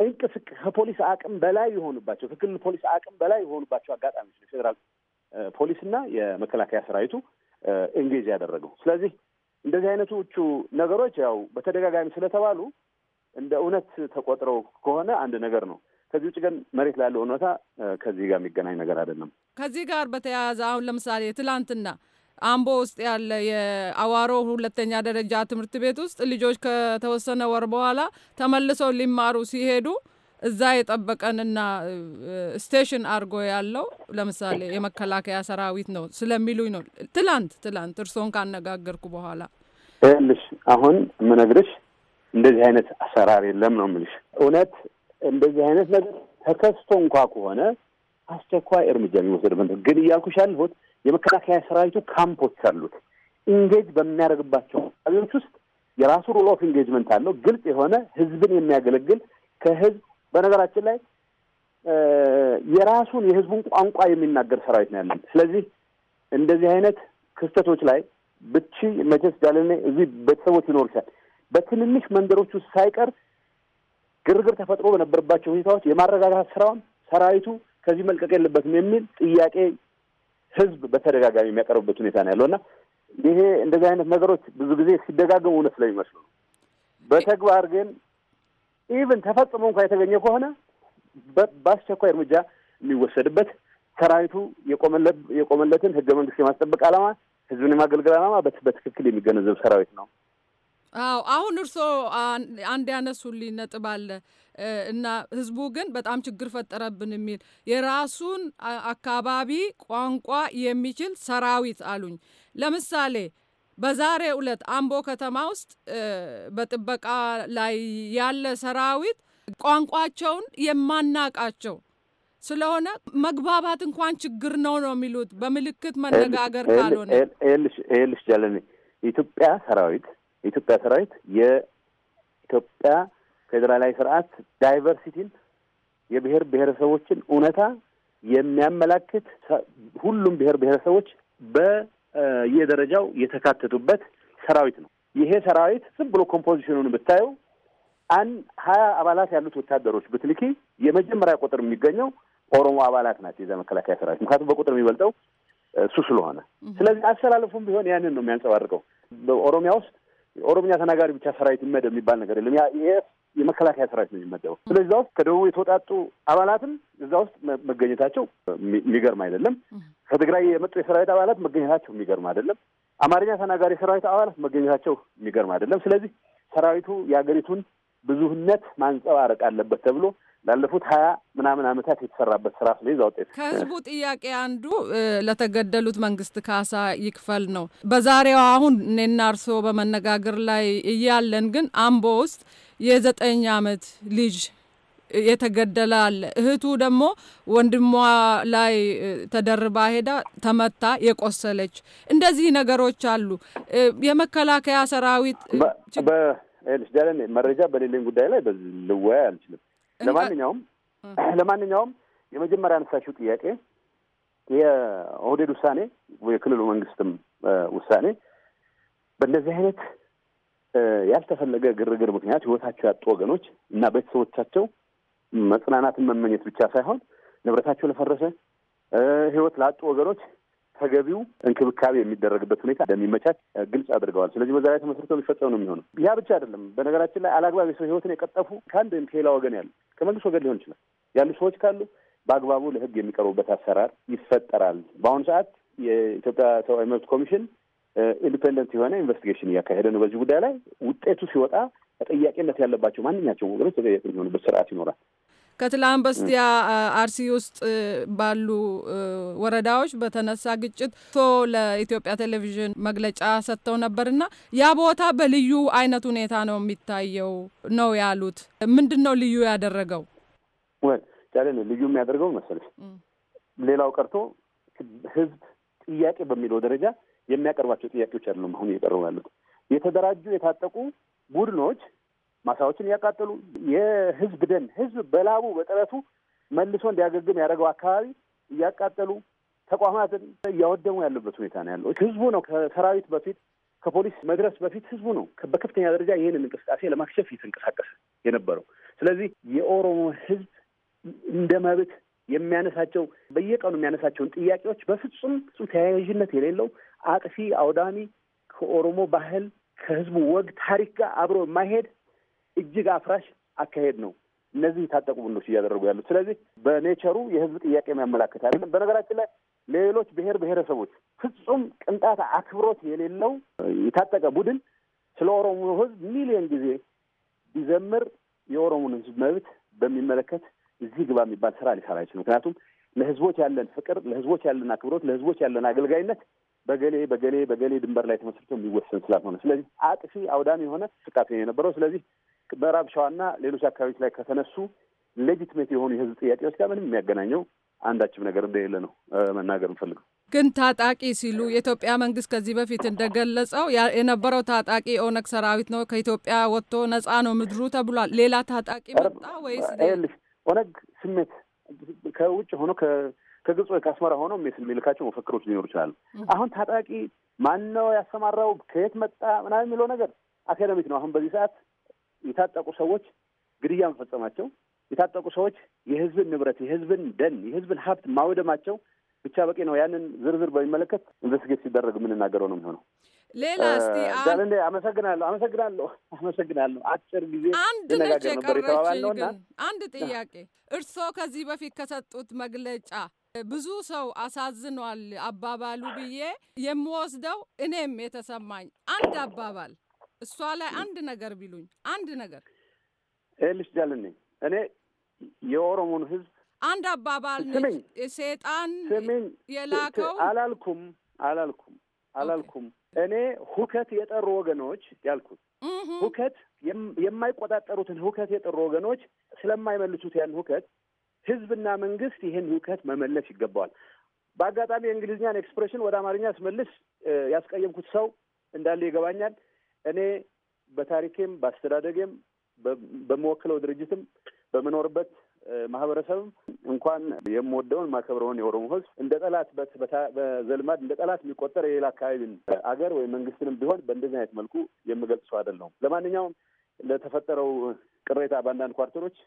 እንቅስቅ ከፖሊስ አቅም በላይ የሆኑባቸው ከክልል ፖሊስ አቅም በላይ የሆኑባቸው አጋጣሚዎች የፌዴራል ፖሊስና የመከላከያ ሰራዊቱ እንግዝ ያደረገው። ስለዚህ እንደዚህ አይነቶቹ ነገሮች ያው በተደጋጋሚ ስለተባሉ እንደ እውነት ተቆጥረው ከሆነ አንድ ነገር ነው። ከዚህ ውጭ ግን መሬት ላለው እውነታ ከዚህ ጋር የሚገናኝ ነገር አይደለም። ከዚህ ጋር በተያያዘ አሁን ለምሳሌ ትላንትና አምቦ ውስጥ ያለ የአዋሮ ሁለተኛ ደረጃ ትምህርት ቤት ውስጥ ልጆች ከተወሰነ ወር በኋላ ተመልሰው ሊማሩ ሲሄዱ እዛ የጠበቀንና ስቴሽን አድርጎ ያለው ለምሳሌ የመከላከያ ሰራዊት ነው ስለሚሉኝ ነው። ትላንት ትላንት እርስዎን ካነጋገርኩ በኋላ ልሽ አሁን የምነግርሽ እንደዚህ አይነት አሰራር የለም ነው የምልሽ። እውነት እንደዚህ አይነት ነገር ተከስቶ እንኳ ከሆነ አስቸኳይ እርምጃ የሚወሰድ ግን እያልኩሽ ያለሁት የመከላከያ ሰራዊቱ ካምፖች አሉት። ኢንጌጅ በሚያደርግባቸው አካባቢዎች ውስጥ የራሱ ሩል ኦፍ ኢንጌጅመንት አለው። ግልጽ የሆነ ህዝብን የሚያገለግል ከህዝብ በነገራችን ላይ የራሱን የህዝቡን ቋንቋ የሚናገር ሰራዊት ነው ያለን። ስለዚህ እንደዚህ አይነት ክስተቶች ላይ ብቺ መቼስ ጃለኔ እዚህ ቤተሰቦች ይኖርሻል በትንንሽ መንደሮች ውስጥ ሳይቀር ግርግር ተፈጥሮ በነበረባቸው ሁኔታዎች የማረጋጋት ስራውን ሰራዊቱ ከዚህ መልቀቅ የለበትም የሚል ጥያቄ ህዝብ በተደጋጋሚ የሚያቀርብበት ሁኔታ ነው ያለው እና ይሄ እንደዚህ አይነት ነገሮች ብዙ ጊዜ ሲደጋገሙ እውነት ስለሚመስሉ ነው። በተግባር ግን ኢቭን ተፈጽሞ እንኳ የተገኘ ከሆነ በአስቸኳይ እርምጃ የሚወሰድበት ሰራዊቱ የቆመለትን ህገ መንግስት የማስጠበቅ ዓላማ፣ ህዝብን የማገልገል ዓላማ በትክክል የሚገነዘብ ሰራዊት ነው አዎ አሁን እርስዎ አንድ ያነሱልኝ ነጥብ አለ እና ህዝቡ ግን በጣም ችግር ፈጠረብን የሚል የራሱን አካባቢ ቋንቋ የሚችል ሰራዊት አሉኝ። ለምሳሌ በዛሬ ዕለት አምቦ ከተማ ውስጥ በጥበቃ ላይ ያለ ሰራዊት ቋንቋቸውን የማናቃቸው ስለሆነ መግባባት እንኳን ችግር ነው ነው የሚሉት በምልክት መነጋገር ካልሆነ ይኸውልሽ ጀለኔ ኢትዮጵያ ሰራዊት የኢትዮጵያ ሰራዊት የኢትዮጵያ ፌዴራላዊ ስርዓት ዳይቨርሲቲን የብሔር ብሔረሰቦችን እውነታ የሚያመላክት ሁሉም ብሔር ብሔረሰቦች በየደረጃው የተካተቱበት ሰራዊት ነው። ይሄ ሰራዊት ዝም ብሎ ኮምፖዚሽኑን ብታየው አን ሀያ አባላት ያሉት ወታደሮች ብትልኪ የመጀመሪያ ቁጥር የሚገኘው ኦሮሞ አባላት ናቸው የዛ መከላከያ ሰራዊት ምክንያቱም በቁጥር የሚበልጠው እሱ ስለሆነ፣ ስለዚህ አሰላለፉም ቢሆን ያንን ነው የሚያንጸባርቀው። በኦሮሚያ ውስጥ ኦሮምኛ ተናጋሪ ብቻ ሰራዊት ይመደብ የሚባል ነገር የለም። ይሄ የመከላከያ ሰራዊት ነው የሚመደበው። ስለዚህ እዛ ውስጥ ከደቡብ የተወጣጡ አባላትም እዛ ውስጥ መገኘታቸው የሚገርም አይደለም። ከትግራይ የመጡ የሰራዊት አባላት መገኘታቸው የሚገርም አይደለም። አማርኛ ተናጋሪ የሰራዊት አባላት መገኘታቸው የሚገርም አይደለም። ስለዚህ ሰራዊቱ የሀገሪቱን ብዙህነት ማንጸባረቅ አለበት ተብሎ ላለፉት ሀያ ምናምን አመታት የተሰራበት ስራ ስለ ዛ ውጤት ከህዝቡ ጥያቄ አንዱ ለተገደሉት መንግስት ካሳ ይክፈል ነው። በዛሬው አሁን እኔና እርስዎ በመነጋገር ላይ እያለን ግን አምቦ ውስጥ የዘጠኝ አመት ልጅ የተገደለ አለ። እህቱ ደግሞ ወንድሟ ላይ ተደርባ ሄዳ ተመታ የቆሰለች። እንደዚህ ነገሮች አሉ። የመከላከያ ሰራዊት መረጃ በሌለኝ ጉዳይ ላይ ልወያይ አልችልም። ለማንኛውም ለማንኛውም የመጀመሪያ ያነሳሽው ጥያቄ የኦህዴድ ውሳኔ የክልሉ መንግስትም ውሳኔ በእነዚህ አይነት ያልተፈለገ ግርግር ምክንያት ህይወታቸው ያጡ ወገኖች እና ቤተሰቦቻቸው መጽናናትን መመኘት ብቻ ሳይሆን ንብረታቸው ለፈረሰ ህይወት ላጡ ወገኖች ተገቢው እንክብካቤ የሚደረግበት ሁኔታ እንደሚመቻች ግልጽ አድርገዋል። ስለዚህ በዛ ላይ ተመስርቶ የሚፈጸም ነው የሚሆነው። ያ ብቻ አይደለም። በነገራችን ላይ አላግባብ የሰው ህይወትን የቀጠፉ ከአንድ ወይም ከሌላ ወገን ያሉ ከመንግስት ወገን ሊሆን ይችላል ያሉ ሰዎች ካሉ በአግባቡ ለህግ የሚቀርቡበት አሰራር ይፈጠራል። በአሁኑ ሰዓት የኢትዮጵያ ሰብአዊ መብት ኮሚሽን ኢንዲፔንደንት የሆነ ኢንቨስቲጌሽን እያካሄደ ነው በዚህ ጉዳይ ላይ ውጤቱ ሲወጣ ተጠያቂነት ያለባቸው ማንኛቸው ወገኖች ተጠያቂ የሚሆኑበት ስርዓት ይኖራል። ከትላንት በስቲያ አርሲ ውስጥ ባሉ ወረዳዎች በተነሳ ግጭት ቶ ለኢትዮጵያ ቴሌቪዥን መግለጫ ሰጥተው ነበርና ያ ቦታ በልዩ አይነት ሁኔታ ነው የሚታየው ነው ያሉት። ምንድን ነው ልዩ ያደረገው? ጫለኔ ልዩ የሚያደርገው መሰለሽ ሌላው ቀርቶ ህዝብ ጥያቄ በሚለው ደረጃ የሚያቀርባቸው ጥያቄዎች አይደሉም አሁን እየቀረቡ ያሉት የተደራጁ የታጠቁ ቡድኖች ማሳዎችን እያቃጠሉ የህዝብ ደን ህዝብ በላቡ በጥረቱ መልሶ እንዲያገግም ያደረገው አካባቢ እያቃጠሉ ተቋማትን እያወደሙ ያለበት ሁኔታ ነው ያለው። ህዝቡ ነው ከሰራዊት በፊት ከፖሊስ መድረስ በፊት ህዝቡ ነው በከፍተኛ ደረጃ ይህንን እንቅስቃሴ ለማክሸፍ እየተንቀሳቀሰ የነበረው። ስለዚህ የኦሮሞ ህዝብ እንደ መብት የሚያነሳቸው በየቀኑ የሚያነሳቸውን ጥያቄዎች በፍጹም ተያያዥነት የሌለው አጥፊ አውዳሚ ከኦሮሞ ባህል ከህዝቡ ወግ ታሪክ ጋር አብሮ የማይሄድ እጅግ አፍራሽ አካሄድ ነው እነዚህ የታጠቁ ቡድኖች እያደረጉ ያሉት። ስለዚህ በኔቸሩ የህዝብ ጥያቄ የሚያመላክት አይደለም። በነገራችን ላይ ሌሎች ብሔር ብሔረሰቦች ፍጹም ቅንጣት አክብሮት የሌለው የታጠቀ ቡድን ስለ ኦሮሞ ህዝብ ሚሊዮን ጊዜ ቢዘምር የኦሮሞን ህዝብ መብት በሚመለከት እዚህ ግባ የሚባል ስራ ሊሰራ አይችልም። ምክንያቱም ለህዝቦች ያለን ፍቅር፣ ለህዝቦች ያለን አክብሮት፣ ለህዝቦች ያለን አገልጋይነት በገሌ በገሌ በገሌ ድንበር ላይ ተመስርቶ የሚወሰን ስላልሆነ ስለዚህ አጥፊ አውዳሚ የሆነ ስቃት የነበረው ስለዚህ ምዕራብ ሸዋና ሌሎች አካባቢዎች ላይ ከተነሱ ሌጂትሜት የሆኑ የህዝብ ጥያቄዎች ጋር ምንም የሚያገናኘው አንዳችም ነገር እንደሌለ ነው መናገር የምፈልገው። ግን ታጣቂ ሲሉ የኢትዮጵያ መንግስት ከዚህ በፊት እንደገለጸው የነበረው ታጣቂ ኦነግ ሰራዊት ነው፣ ከኢትዮጵያ ወጥቶ ነጻ ነው ምድሩ ተብሏል። ሌላ ታጣቂ መጣ ወይስ ኦነግ ስሜት ከውጭ ሆኖ ከግብጽ ወይ ከአስመራ ሆኖ የሚልካቸው መፈክሮች ሊኖሩ ይችላሉ። አሁን ታጣቂ ማን ነው ያሰማራው፣ ከየት መጣ ምናምን የሚለው ነገር አካዳሚክ ነው። አሁን በዚህ ሰዓት የታጠቁ ሰዎች ግድያ መፈጸማቸው፣ የታጠቁ ሰዎች የህዝብን ንብረት፣ የህዝብን ደን፣ የህዝብን ሀብት ማውደማቸው ብቻ በቂ ነው። ያንን ዝርዝር በሚመለከት ኢንቨስቲጌት ሲደረግ የምንናገረው ነው የሚሆነው። ሌላ እስቲ ዳንዴ አመሰግናለሁ አመሰግናለሁ አመሰግናለሁ። አጭር ጊዜ አንድ ነች የቀረችኝ፣ ግን አንድ ጥያቄ እርስዎ ከዚህ በፊት ከሰጡት መግለጫ ብዙ ሰው አሳዝኗል አባባሉ ብዬ የምወስደው እኔም የተሰማኝ አንድ አባባል እሷ ላይ አንድ ነገር ቢሉኝ አንድ ነገር ልሽ ጃልኔ እኔ የኦሮሞን ህዝብ አንድ አባባል ነኝ ሴጣን ስሚኝ የላከው አላልኩም አላልኩም አላልኩም እኔ ሁከት የጠሩ ወገኖች ያልኩት ሁከት የማይቆጣጠሩትን ሁከት የጠሩ ወገኖች ስለማይመልሱት ያን ሁከት ህዝብና መንግስት ይህን ሁከት መመለስ ይገባዋል። በአጋጣሚ የእንግሊዝኛን ኤክስፕሬሽን ወደ አማርኛ ስመልስ ያስቀየምኩት ሰው እንዳለ ይገባኛል። እኔ በታሪኬም በአስተዳደጌም በምወክለው ድርጅትም በምኖርበት ማህበረሰብም እንኳን የምወደውን ማከብረውን የኦሮሞ ህዝብ እንደ ጠላት በዘልማድ እንደ ጠላት የሚቆጠር የሌላ አካባቢን አገር ወይም መንግስትንም ቢሆን በእንደዚህ አይነት መልኩ የምገልጽ ሰው አይደለሁም። ለማንኛውም ለተፈጠረው ቅሬታ በአንዳንድ ኳርተሮች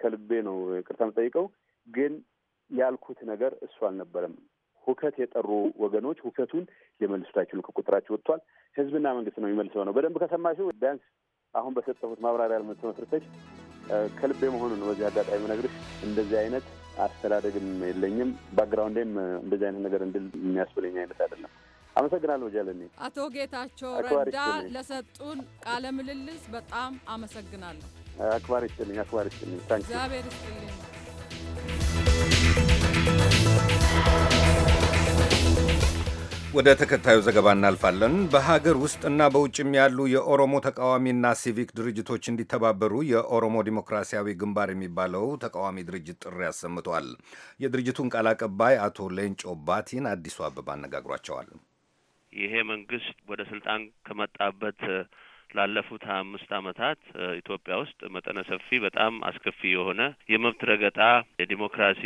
ከልቤ ነው ቅርታ የምጠይቀው። ግን ያልኩት ነገር እሱ አልነበረም። ሁከት የጠሩ ወገኖች ሁከቱን ሊመልሱት አይችሉም። ከቁጥራቸው ወጥቷል። ህዝብና መንግስት ነው የሚመልሰው ነው። በደንብ ከሰማሽው ቢያንስ አሁን በሰጠሁት ማብራሪያ መስርተች ከልቤ መሆኑን በዚህ አጋጣሚ ነግርሽ እንደዚህ አይነት አስተዳደግም የለኝም። ባክግራውንዴም እንደዚህ አይነት ነገር እንድል የሚያስብለኝ አይነት አይደለም። አመሰግናለሁ። ጃለኒ አቶ ጌታቸው ረዳ ለሰጡን ቃለ ምልልስ በጣም አመሰግናለሁ። አክባሪ ስጥልኝ፣ አክባሪ ስጥልኝ። እግዚአብሔር ስጥልኝ። ወደ ተከታዩ ዘገባ እናልፋለን። በሀገር ውስጥና በውጭም ያሉ የኦሮሞ ተቃዋሚና ሲቪክ ድርጅቶች እንዲተባበሩ የኦሮሞ ዲሞክራሲያዊ ግንባር የሚባለው ተቃዋሚ ድርጅት ጥሪ አሰምቷል። የድርጅቱን ቃል አቀባይ አቶ ሌንጮ ባቲን አዲሱ አበባ አነጋግሯቸዋል። ይሄ መንግስት ወደ ስልጣን ከመጣበት ላለፉት ሀያ አምስት አመታት ኢትዮጵያ ውስጥ መጠነ ሰፊ በጣም አስከፊ የሆነ የመብት ረገጣ፣ የዲሞክራሲ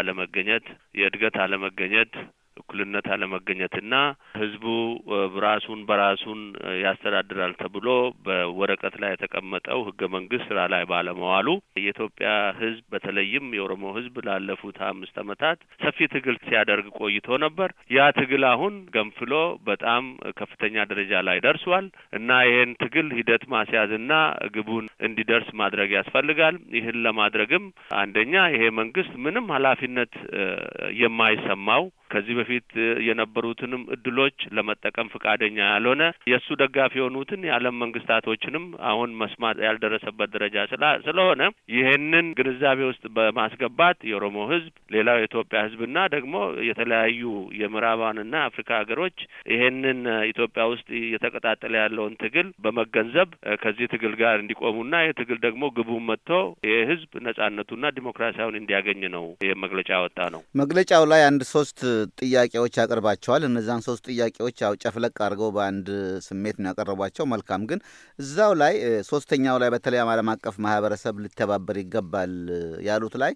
አለመገኘት፣ የእድገት አለመገኘት እኩልነት አለመገኘትና ህዝቡ ራሱን በራሱን ያስተዳድራል ተብሎ በወረቀት ላይ የተቀመጠው ህገ መንግስት ስራ ላይ ባለመዋሉ የኢትዮጵያ ህዝብ በተለይም የኦሮሞ ህዝብ ላለፉት አምስት አመታት ሰፊ ትግል ሲያደርግ ቆይቶ ነበር። ያ ትግል አሁን ገንፍሎ በጣም ከፍተኛ ደረጃ ላይ ደርሷል እና ይህን ትግል ሂደት ማስያዝና ግቡን እንዲደርስ ማድረግ ያስፈልጋል። ይህን ለማድረግም አንደኛ ይሄ መንግስት ምንም ኃላፊነት የማይሰማው ከዚህ በፊት የነበሩትንም እድሎች ለመጠቀም ፈቃደኛ ያልሆነ የእሱ ደጋፊ የሆኑትን የዓለም መንግስታቶችንም አሁን መስማት ያልደረሰበት ደረጃ ስለሆነ ይህንን ግንዛቤ ውስጥ በማስገባት የኦሮሞ ህዝብ፣ ሌላው የኢትዮጵያ ህዝብና ደግሞ የተለያዩ የምዕራባንና አፍሪካ ሀገሮች ይህንን ኢትዮጵያ ውስጥ እየተቀጣጠለ ያለውን ትግል በመገንዘብ ከዚህ ትግል ጋር እንዲቆሙና ይህ ትግል ደግሞ ግቡን መጥቶ ይህ ህዝብ ነጻነቱና ዲሞክራሲያውን እንዲያገኝ ነው። ይህ መግለጫ ወጣ ነው። መግለጫው ላይ አንድ ሶስት ጥያቄዎች ያቀርባቸዋል። እነዛን ሶስት ጥያቄዎች ያው ጨፍለቅ አድርገው በአንድ ስሜት ነው ያቀረቧቸው። መልካም ግን እዛው ላይ ሶስተኛው ላይ በተለይ ዓለም አቀፍ ማህበረሰብ ሊተባበር ይገባል ያሉት ላይ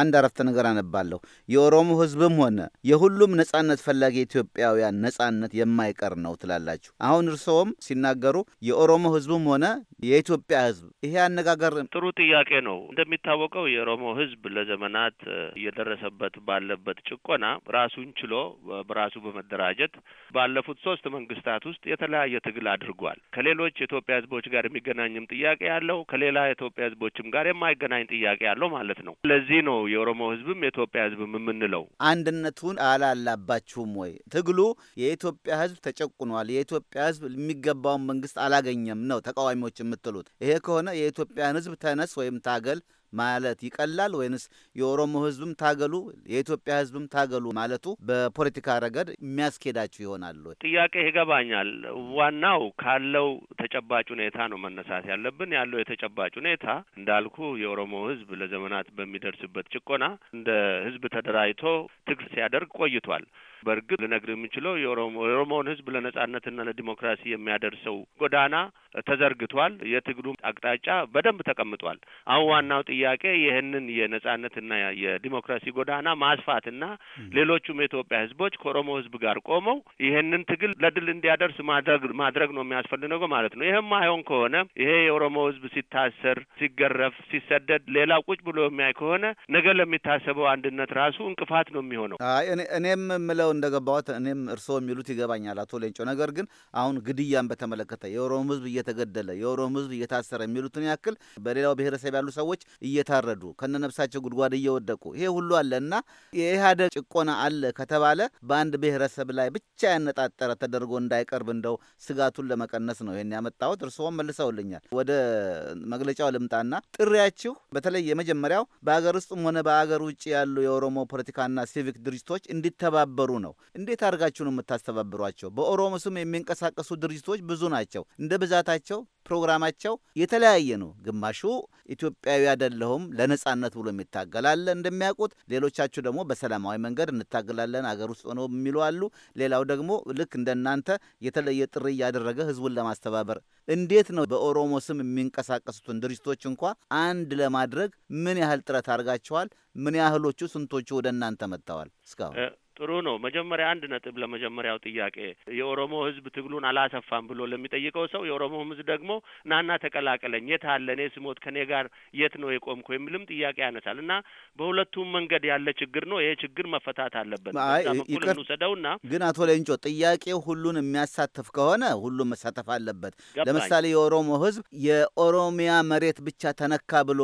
አንድ አረፍተ ነገር አነባለሁ። የኦሮሞ ህዝብም ሆነ የሁሉም ነጻነት ፈላጊ ኢትዮጵያውያን ነጻነት የማይቀር ነው ትላላችሁ። አሁን እርስዎም ሲናገሩ የኦሮሞ ህዝብም ሆነ የኢትዮጵያ ህዝብ ይሄ አነጋገር ጥሩ ጥያቄ ነው። እንደሚታወቀው የኦሮሞ ህዝብ ለዘመናት እየደረሰበት ባለበት ጭቆና ራሱን ችሎ በራሱ በመደራጀት ባለፉት ሶስት መንግስታት ውስጥ የተለያየ ትግል አድርጓል። ከሌሎች የኢትዮጵያ ህዝቦች ጋር የሚገናኝም ጥያቄ ያለው ከሌላ የኢትዮጵያ ህዝቦችም ጋር የማይገናኝ ጥያቄ ያለው ማለት ነው። ለዚህ ነው ነው የኦሮሞ ህዝብም የኢትዮጵያ ህዝብም የምንለው። አንድነቱን አላላባችሁም ወይ? ትግሉ የኢትዮጵያ ህዝብ ተጨቁኗል፣ የኢትዮጵያ ህዝብ የሚገባውን መንግስት አላገኘም ነው ተቃዋሚዎች የምትሉት። ይሄ ከሆነ የኢትዮጵያን ህዝብ ተነስ ወይም ታገል ማለት ይቀላል ወይንስ የኦሮሞ ህዝብም ታገሉ የኢትዮጵያ ህዝብም ታገሉ ማለቱ በፖለቲካ ረገድ የሚያስኬዳችሁ ይሆናሉ? ጥያቄ ይገባኛል። ዋናው ካለው ተጨባጭ ሁኔታ ነው መነሳት ያለብን። ያለው የተጨባጭ ሁኔታ እንዳልኩ የኦሮሞ ህዝብ ለዘመናት በሚደርስበት ጭቆና እንደ ህዝብ ተደራጅቶ ትግል ሲያደርግ ቆይቷል። በእርግጥ ልነግር የምችለው የኦሮሞውን ህዝብ ለነጻነትና ለዲሞክራሲ የሚያደርሰው ጎዳና ተዘርግቷል። የትግሉ አቅጣጫ በደንብ ተቀምጧል። አሁን ዋናው ጥያቄ ይህንን የነጻነትና የዲሞክራሲ ጎዳና ማስፋትና ሌሎቹም የኢትዮጵያ ህዝቦች ከኦሮሞ ህዝብ ጋር ቆመው ይህንን ትግል ለድል እንዲያደርስ ማድረግ ማድረግ ነው የሚያስፈልገው ማለት ነው። ይህም አይሆን ከሆነ ይሄ የኦሮሞ ህዝብ ሲታሰር፣ ሲገረፍ፣ ሲሰደድ ሌላ ቁጭ ብሎ የሚያይ ከሆነ ነገ ለሚታሰበው አንድነት ራሱ እንቅፋት ነው የሚሆነው። እኔም ምለው እንደገባዎት እኔም እርስዎ የሚሉት ይገባኛል አቶ ሌንጮ። ነገር ግን አሁን ግድያን በተመለከተ የኦሮሞ ህዝብ እየተገደለ የኦሮሞ ህዝብ እየታሰረ የሚሉትን ያክል በሌላው ብሔረሰብ ያሉ ሰዎች እየታረዱ ከነነፍሳቸው ጉድጓድ እየወደቁ ይሄ ሁሉ አለ እና የኢህአዴግ ጭቆና አለ ከተባለ በአንድ ብሔረሰብ ላይ ብቻ ያነጣጠረ ተደርጎ እንዳይቀርብ እንደው ስጋቱን ለመቀነስ ነው ይሄን ያመጣሁት። እርስዎም መልሰውልኛል። ወደ መግለጫው ልምጣና ጥሪያችሁ በተለይ የመጀመሪያው በሀገር ውስጥም ሆነ በሀገር ውጭ ያሉ የኦሮሞ ፖለቲካና ሲቪክ ድርጅቶች እንዲተባበሩ ነው። እንዴት አድርጋችሁ ነው የምታስተባብሯቸው? በኦሮሞ ስም የሚንቀሳቀሱ ድርጅቶች ብዙ ናቸው። እንደ ብዛታቸው ፕሮግራማቸው የተለያየ ነው። ግማሹ ኢትዮጵያዊ አይደለሁም ለነጻነት ብሎ የሚታገላለ እንደሚያውቁት፣ ሌሎቻችሁ ደግሞ በሰላማዊ መንገድ እንታገላለን አገር ውስጥ ሆኖ የሚሉ አሉ። ሌላው ደግሞ ልክ እንደናንተ የተለየ ጥሪ እያደረገ ህዝቡን ለማስተባበር እንዴት ነው በኦሮሞ ስም የሚንቀሳቀሱትን ድርጅቶች እንኳ አንድ ለማድረግ ምን ያህል ጥረት አድርጋችኋል? ምን ያህሎቹ ስንቶቹ ወደ እናንተ መጥተዋል እስካሁን? ጥሩ ነው። መጀመሪያ አንድ ነጥብ ለመጀመሪያው ጥያቄ የኦሮሞ ህዝብ ትግሉን አላሰፋም ብሎ ለሚጠይቀው ሰው የኦሮሞ ህዝብ ደግሞ ናና ተቀላቀለኝ፣ የት አለ እኔ ስሞት ከኔ ጋር የት ነው የቆምኩ የሚልም ጥያቄ ያነሳል እና በሁለቱም መንገድ ያለ ችግር ነው። ይሄ ችግር መፈታት አለበት። ይቅር እንውሰደውና ግን አቶ ለንጮ ጥያቄው ሁሉን የሚያሳትፍ ከሆነ ሁሉም መሳተፍ አለበት። ለምሳሌ የኦሮሞ ህዝብ የኦሮሚያ መሬት ብቻ ተነካ ብሎ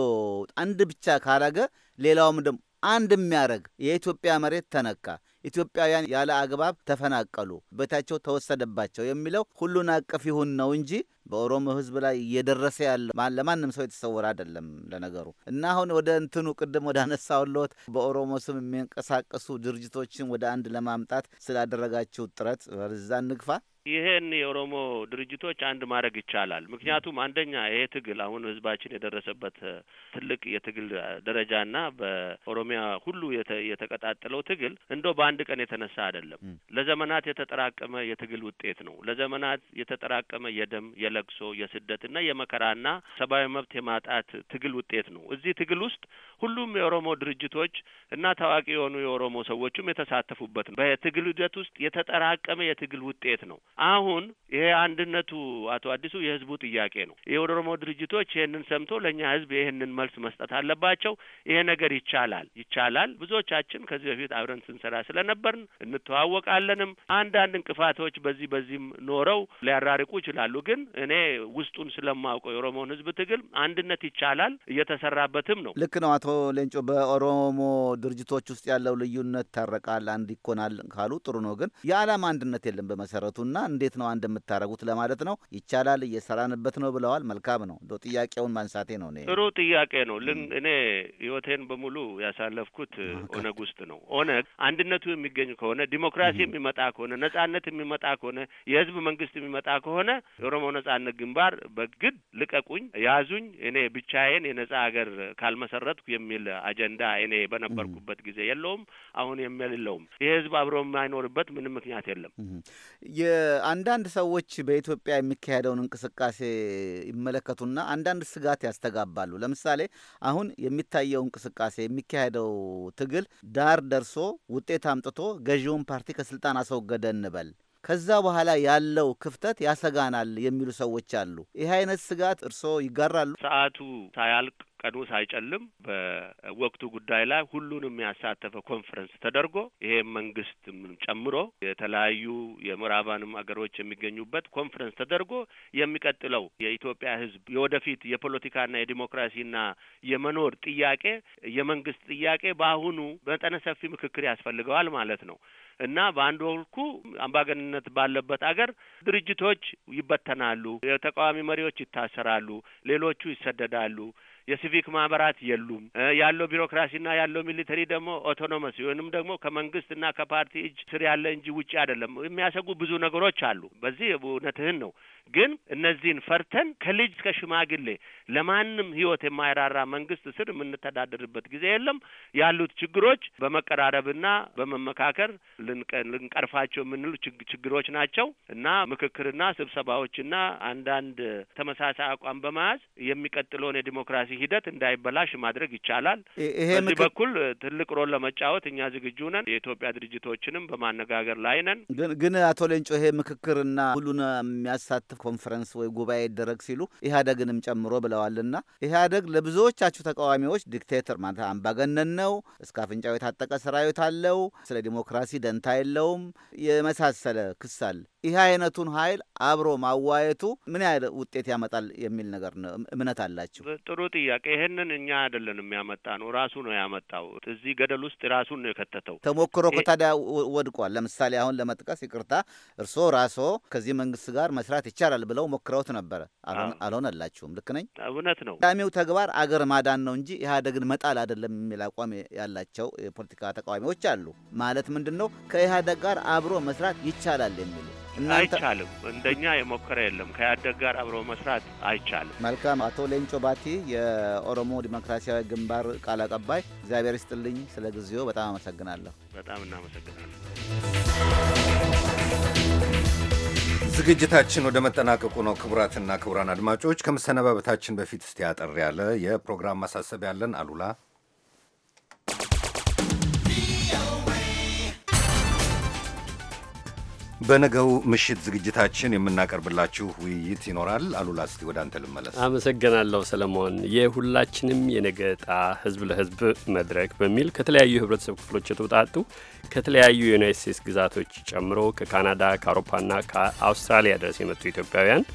አንድ ብቻ ካረገ ሌላውም ደግሞ አንድ የሚያደረግ የኢትዮጵያ መሬት ተነካ ኢትዮጵያውያን ያለ አግባብ ተፈናቀሉ፣ ቤታቸው ተወሰደባቸው የሚለው ሁሉን አቀፍ ይሁን ነው እንጂ በኦሮሞ ሕዝብ ላይ እየደረሰ ያለ ለማንም ሰው የተሰወረ አይደለም። ለነገሩ እና አሁን ወደ እንትኑ ቅድም ወደ አነሳውለት በኦሮሞ ስም የሚንቀሳቀሱ ድርጅቶችን ወደ አንድ ለማምጣት ስላደረጋችሁ ጥረት በዛ ንግፋ ይሄን የኦሮሞ ድርጅቶች አንድ ማድረግ ይቻላል። ምክንያቱም አንደኛ ይሄ ትግል አሁን ህዝባችን የደረሰበት ትልቅ የትግል ደረጃና በኦሮሚያ ሁሉ የተቀጣጠለው ትግል እንዶ በአንድ ቀን የተነሳ አይደለም። ለዘመናት የተጠራቀመ የትግል ውጤት ነው። ለዘመናት የተጠራቀመ የደም የለቅሶ፣ የስደትና የመከራና ሰብአዊ መብት የማጣት ትግል ውጤት ነው። እዚህ ትግል ውስጥ ሁሉም የኦሮሞ ድርጅቶች እና ታዋቂ የሆኑ የኦሮሞ ሰዎችም የተሳተፉበት በትግል ሂደት ውስጥ የተጠራቀመ የትግል ውጤት ነው። አሁን ይሄ አንድነቱ አቶ አዲሱ የህዝቡ ጥያቄ ነው። የኦሮሞ ድርጅቶች ይህንን ሰምቶ ለእኛ ህዝብ ይህንን መልስ መስጠት አለባቸው። ይሄ ነገር ይቻላል ይቻላል። ብዙዎቻችን ከዚህ በፊት አብረን ስንሰራ ስለነበርን እንተዋወቃለንም። አንዳንድ እንቅፋቶች በዚህ በዚህም ኖረው ሊያራርቁ ይችላሉ። ግን እኔ ውስጡን ስለማውቀው የኦሮሞን ህዝብ ትግል አንድነት ይቻላል፣ እየተሰራበትም ነው። ልክ ነው አቶ ሌንጮ። በኦሮሞ ድርጅቶች ውስጥ ያለው ልዩነት ታረቃል፣ አንድ ይኮናል ካሉ ጥሩ ነው። ግን የዓላማ አንድነት የለም በመሰረቱና እንዴት ነው አንድ የምታደርጉት ለማለት ነው። ይቻላል፣ እየሰራንበት ነው ብለዋል። መልካም ነው። እንደ ጥያቄውን ማንሳቴ ነው። ጥሩ ጥያቄ ነው። እኔ ህይወቴን በሙሉ ያሳለፍኩት ኦነግ ውስጥ ነው። ኦነግ አንድነቱ የሚገኝ ከሆነ ዲሞክራሲ የሚመጣ ከሆነ ነጻነት የሚመጣ ከሆነ የህዝብ መንግስት የሚመጣ ከሆነ የኦሮሞ ነጻነት ግንባር በግድ ልቀቁኝ፣ ያዙኝ፣ እኔ ብቻዬን የነጻ ሀገር ካልመሰረትኩ የሚል አጀንዳ እኔ በነበርኩበት ጊዜ የለውም። አሁን የሚያልለውም ይህ ህዝብ አብሮ የማይኖርበት ምንም ምክንያት የለም። አንዳንድ ሰዎች በኢትዮጵያ የሚካሄደውን እንቅስቃሴ ይመለከቱና አንዳንድ ስጋት ያስተጋባሉ። ለምሳሌ አሁን የሚታየው እንቅስቃሴ የሚካሄደው ትግል ዳር ደርሶ ውጤት አምጥቶ ገዢውን ፓርቲ ከስልጣን አስወገደ እንበል ከዛ በኋላ ያለው ክፍተት ያሰጋናል የሚሉ ሰዎች አሉ። ይህ አይነት ስጋት እርስዎ ይጋራሉ? ሰዓቱ ሳያልቅ ቀኑ ሳይጨልም በወቅቱ ጉዳይ ላይ ሁሉንም ያሳተፈ ኮንፈረንስ ተደርጎ ይሄ መንግስትም ጨምሮ የተለያዩ የምዕራባንም አገሮች የሚገኙበት ኮንፈረንስ ተደርጎ የሚቀጥለው የኢትዮጵያ ሕዝብ የወደፊት የፖለቲካና የዲሞክራሲና የመኖር ጥያቄ የመንግስት ጥያቄ በአሁኑ መጠነ ሰፊ ምክክር ያስፈልገዋል ማለት ነው። እና በአንድ ወልኩ አምባገንነት ባለበት አገር ድርጅቶች ይበተናሉ፣ የተቃዋሚ መሪዎች ይታሰራሉ፣ ሌሎቹ ይሰደዳሉ። የሲቪክ ማህበራት የሉም። ያለው ቢሮክራሲና ያለው ሚሊተሪ ደግሞ ኦቶኖመስ ወይንም ደግሞ ከመንግስትና ከፓርቲ እጅ ስር ያለ እንጂ ውጭ አይደለም። የሚያሰጉ ብዙ ነገሮች አሉ። በዚህ እውነትህን ነው። ግን እነዚህን ፈርተን ከልጅ እስከ ሽማግሌ ለማንም ህይወት የማይራራ መንግስት ስር የምንተዳደርበት ጊዜ የለም። ያሉት ችግሮች በመቀራረብና በመመካከር ልንቀርፋቸው የምንሉ ችግሮች ናቸው እና ምክክርና ስብሰባዎችና አንዳንድ ተመሳሳይ አቋም በመያዝ የሚቀጥለውን የዲሞክራሲ ሂደት እንዳይበላሽ ማድረግ ይቻላል። በዚህ በኩል ትልቅ ሮል ለመጫወት እኛ ዝግጁ ነን። የኢትዮጵያ ድርጅቶችንም በማነጋገር ላይ ነን። ግን አቶ ሌንጮ ይሄ ምክክርና ሁሉን የሚያሳትፍ ኮንፈረንስ ወይ ጉባኤ ይደረግ ሲሉ ኢህአዴግንም ጨምሮ ብለዋል። ብለዋልና ኢህአደግ ለብዙዎቻችሁ ተቃዋሚዎች ዲክቴተር ማለት አምባገነን ነው፣ እስከ አፍንጫው የታጠቀ ሰራዊት አለው፣ ስለ ዲሞክራሲ ደንታ የለውም የመሳሰለ ክስ አለ። ይህ አይነቱን ኃይል አብሮ ማዋየቱ ምን ያህል ውጤት ያመጣል የሚል ነገር ነው። እምነት አላችሁ? ጥሩ ጥያቄ። ይህንን እኛ አይደለንም ያመጣ ነው፣ ራሱ ነው ያመጣው። እዚህ ገደል ውስጥ ራሱን ነው የከተተው። ተሞክሮ ከታዲያ ወድቋል። ለምሳሌ አሁን ለመጥቀስ ይቅርታ፣ እርስዎ ራስዎ ከዚህ መንግስት ጋር መስራት ይቻላል ብለው ሞክረውት ነበረ፣ አልሆነላችሁም። ልክ ነኝ? እውነት ነው። ቀዳሚው ተግባር አገር ማዳን ነው እንጂ ኢህአደግን መጣል አይደለም የሚል አቋም ያላቸው የፖለቲካ ተቃዋሚዎች አሉ። ማለት ምንድን ነው? ከኢህአደግ ጋር አብሮ መስራት ይቻላል የሚሉ አይቻልም። እንደኛ የሞከረ የለም። ከያደግ ጋር አብሮ መስራት አይቻልም። መልካም። አቶ ሌንጮ ባቲ የኦሮሞ ዲሞክራሲያዊ ግንባር ቃል አቀባይ፣ እግዚአብሔር ይስጥልኝ። ስለ ጊዜው በጣም አመሰግናለሁ። በጣም እናመሰግናለሁ። ዝግጅታችን ወደ መጠናቀቁ ነው። ክቡራትና ክቡራን አድማጮች ከመሰነባበታችን በፊት እስቲ አጠር ያለ የፕሮግራም ማሳሰብ ያለን አሉላ በነገው ምሽት ዝግጅታችን የምናቀርብላችሁ ውይይት ይኖራል። አሉላ እስቲ ወደ አንተ ልመለስ። አመሰግናለሁ ሰለሞን። የሁላችንም የነገ ዕጣ ህዝብ ለህዝብ መድረክ በሚል ከተለያዩ የህብረተሰብ ክፍሎች የተውጣጡ ከተለያዩ የዩናይት ስቴትስ ግዛቶች ጨምሮ ከካናዳ ከአውሮፓና ከአውስትራሊያ ድረስ የመጡ ኢትዮጵያውያን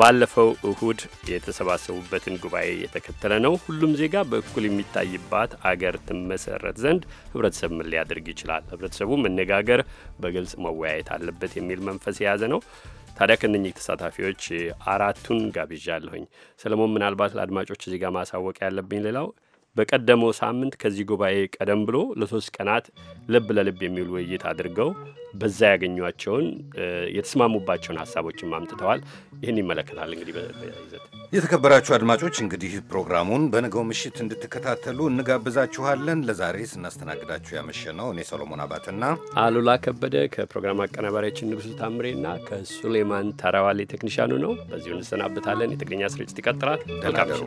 ባለፈው እሁድ የተሰባሰቡበትን ጉባኤ የተከተለ ነው። ሁሉም ዜጋ በእኩል የሚታይባት አገር ትመሰረት ዘንድ ህብረተሰብ ምን ሊያደርግ ይችላል? ህብረተሰቡ መነጋገር፣ በግልጽ መወያየት አለበት የሚል መንፈስ የያዘ ነው። ታዲያ ከነኚህ ተሳታፊዎች አራቱን ጋብዣ አለሁኝ። ሰለሞን፣ ምናልባት ለአድማጮች ዜጋ ማሳወቅ ያለብኝ ሌላው በቀደመው ሳምንት ከዚህ ጉባኤ ቀደም ብሎ ለሶስት ቀናት ልብ ለልብ የሚውል ውይይት አድርገው በዛ ያገኟቸውን የተስማሙባቸውን ሀሳቦችም አምጥተዋል። ይህን ይመለከታል። እንግዲህ በይዘት የተከበራችሁ አድማጮች እንግዲህ ፕሮግራሙን በነገው ምሽት እንድትከታተሉ እንጋብዛችኋለን። ለዛሬ ስናስተናግዳችሁ ያመሸ ነው እኔ ሰሎሞን አባትና አሉላ ከበደ ከፕሮግራም አቀናባሪያችን ንጉሱ ታምሬና ከሱሌማን ተራዋሌ ቴክኒሻኑ ነው። በዚሁ እንሰናብታለን። የትግርኛ ስርጭት ይቀጥላል። ደህና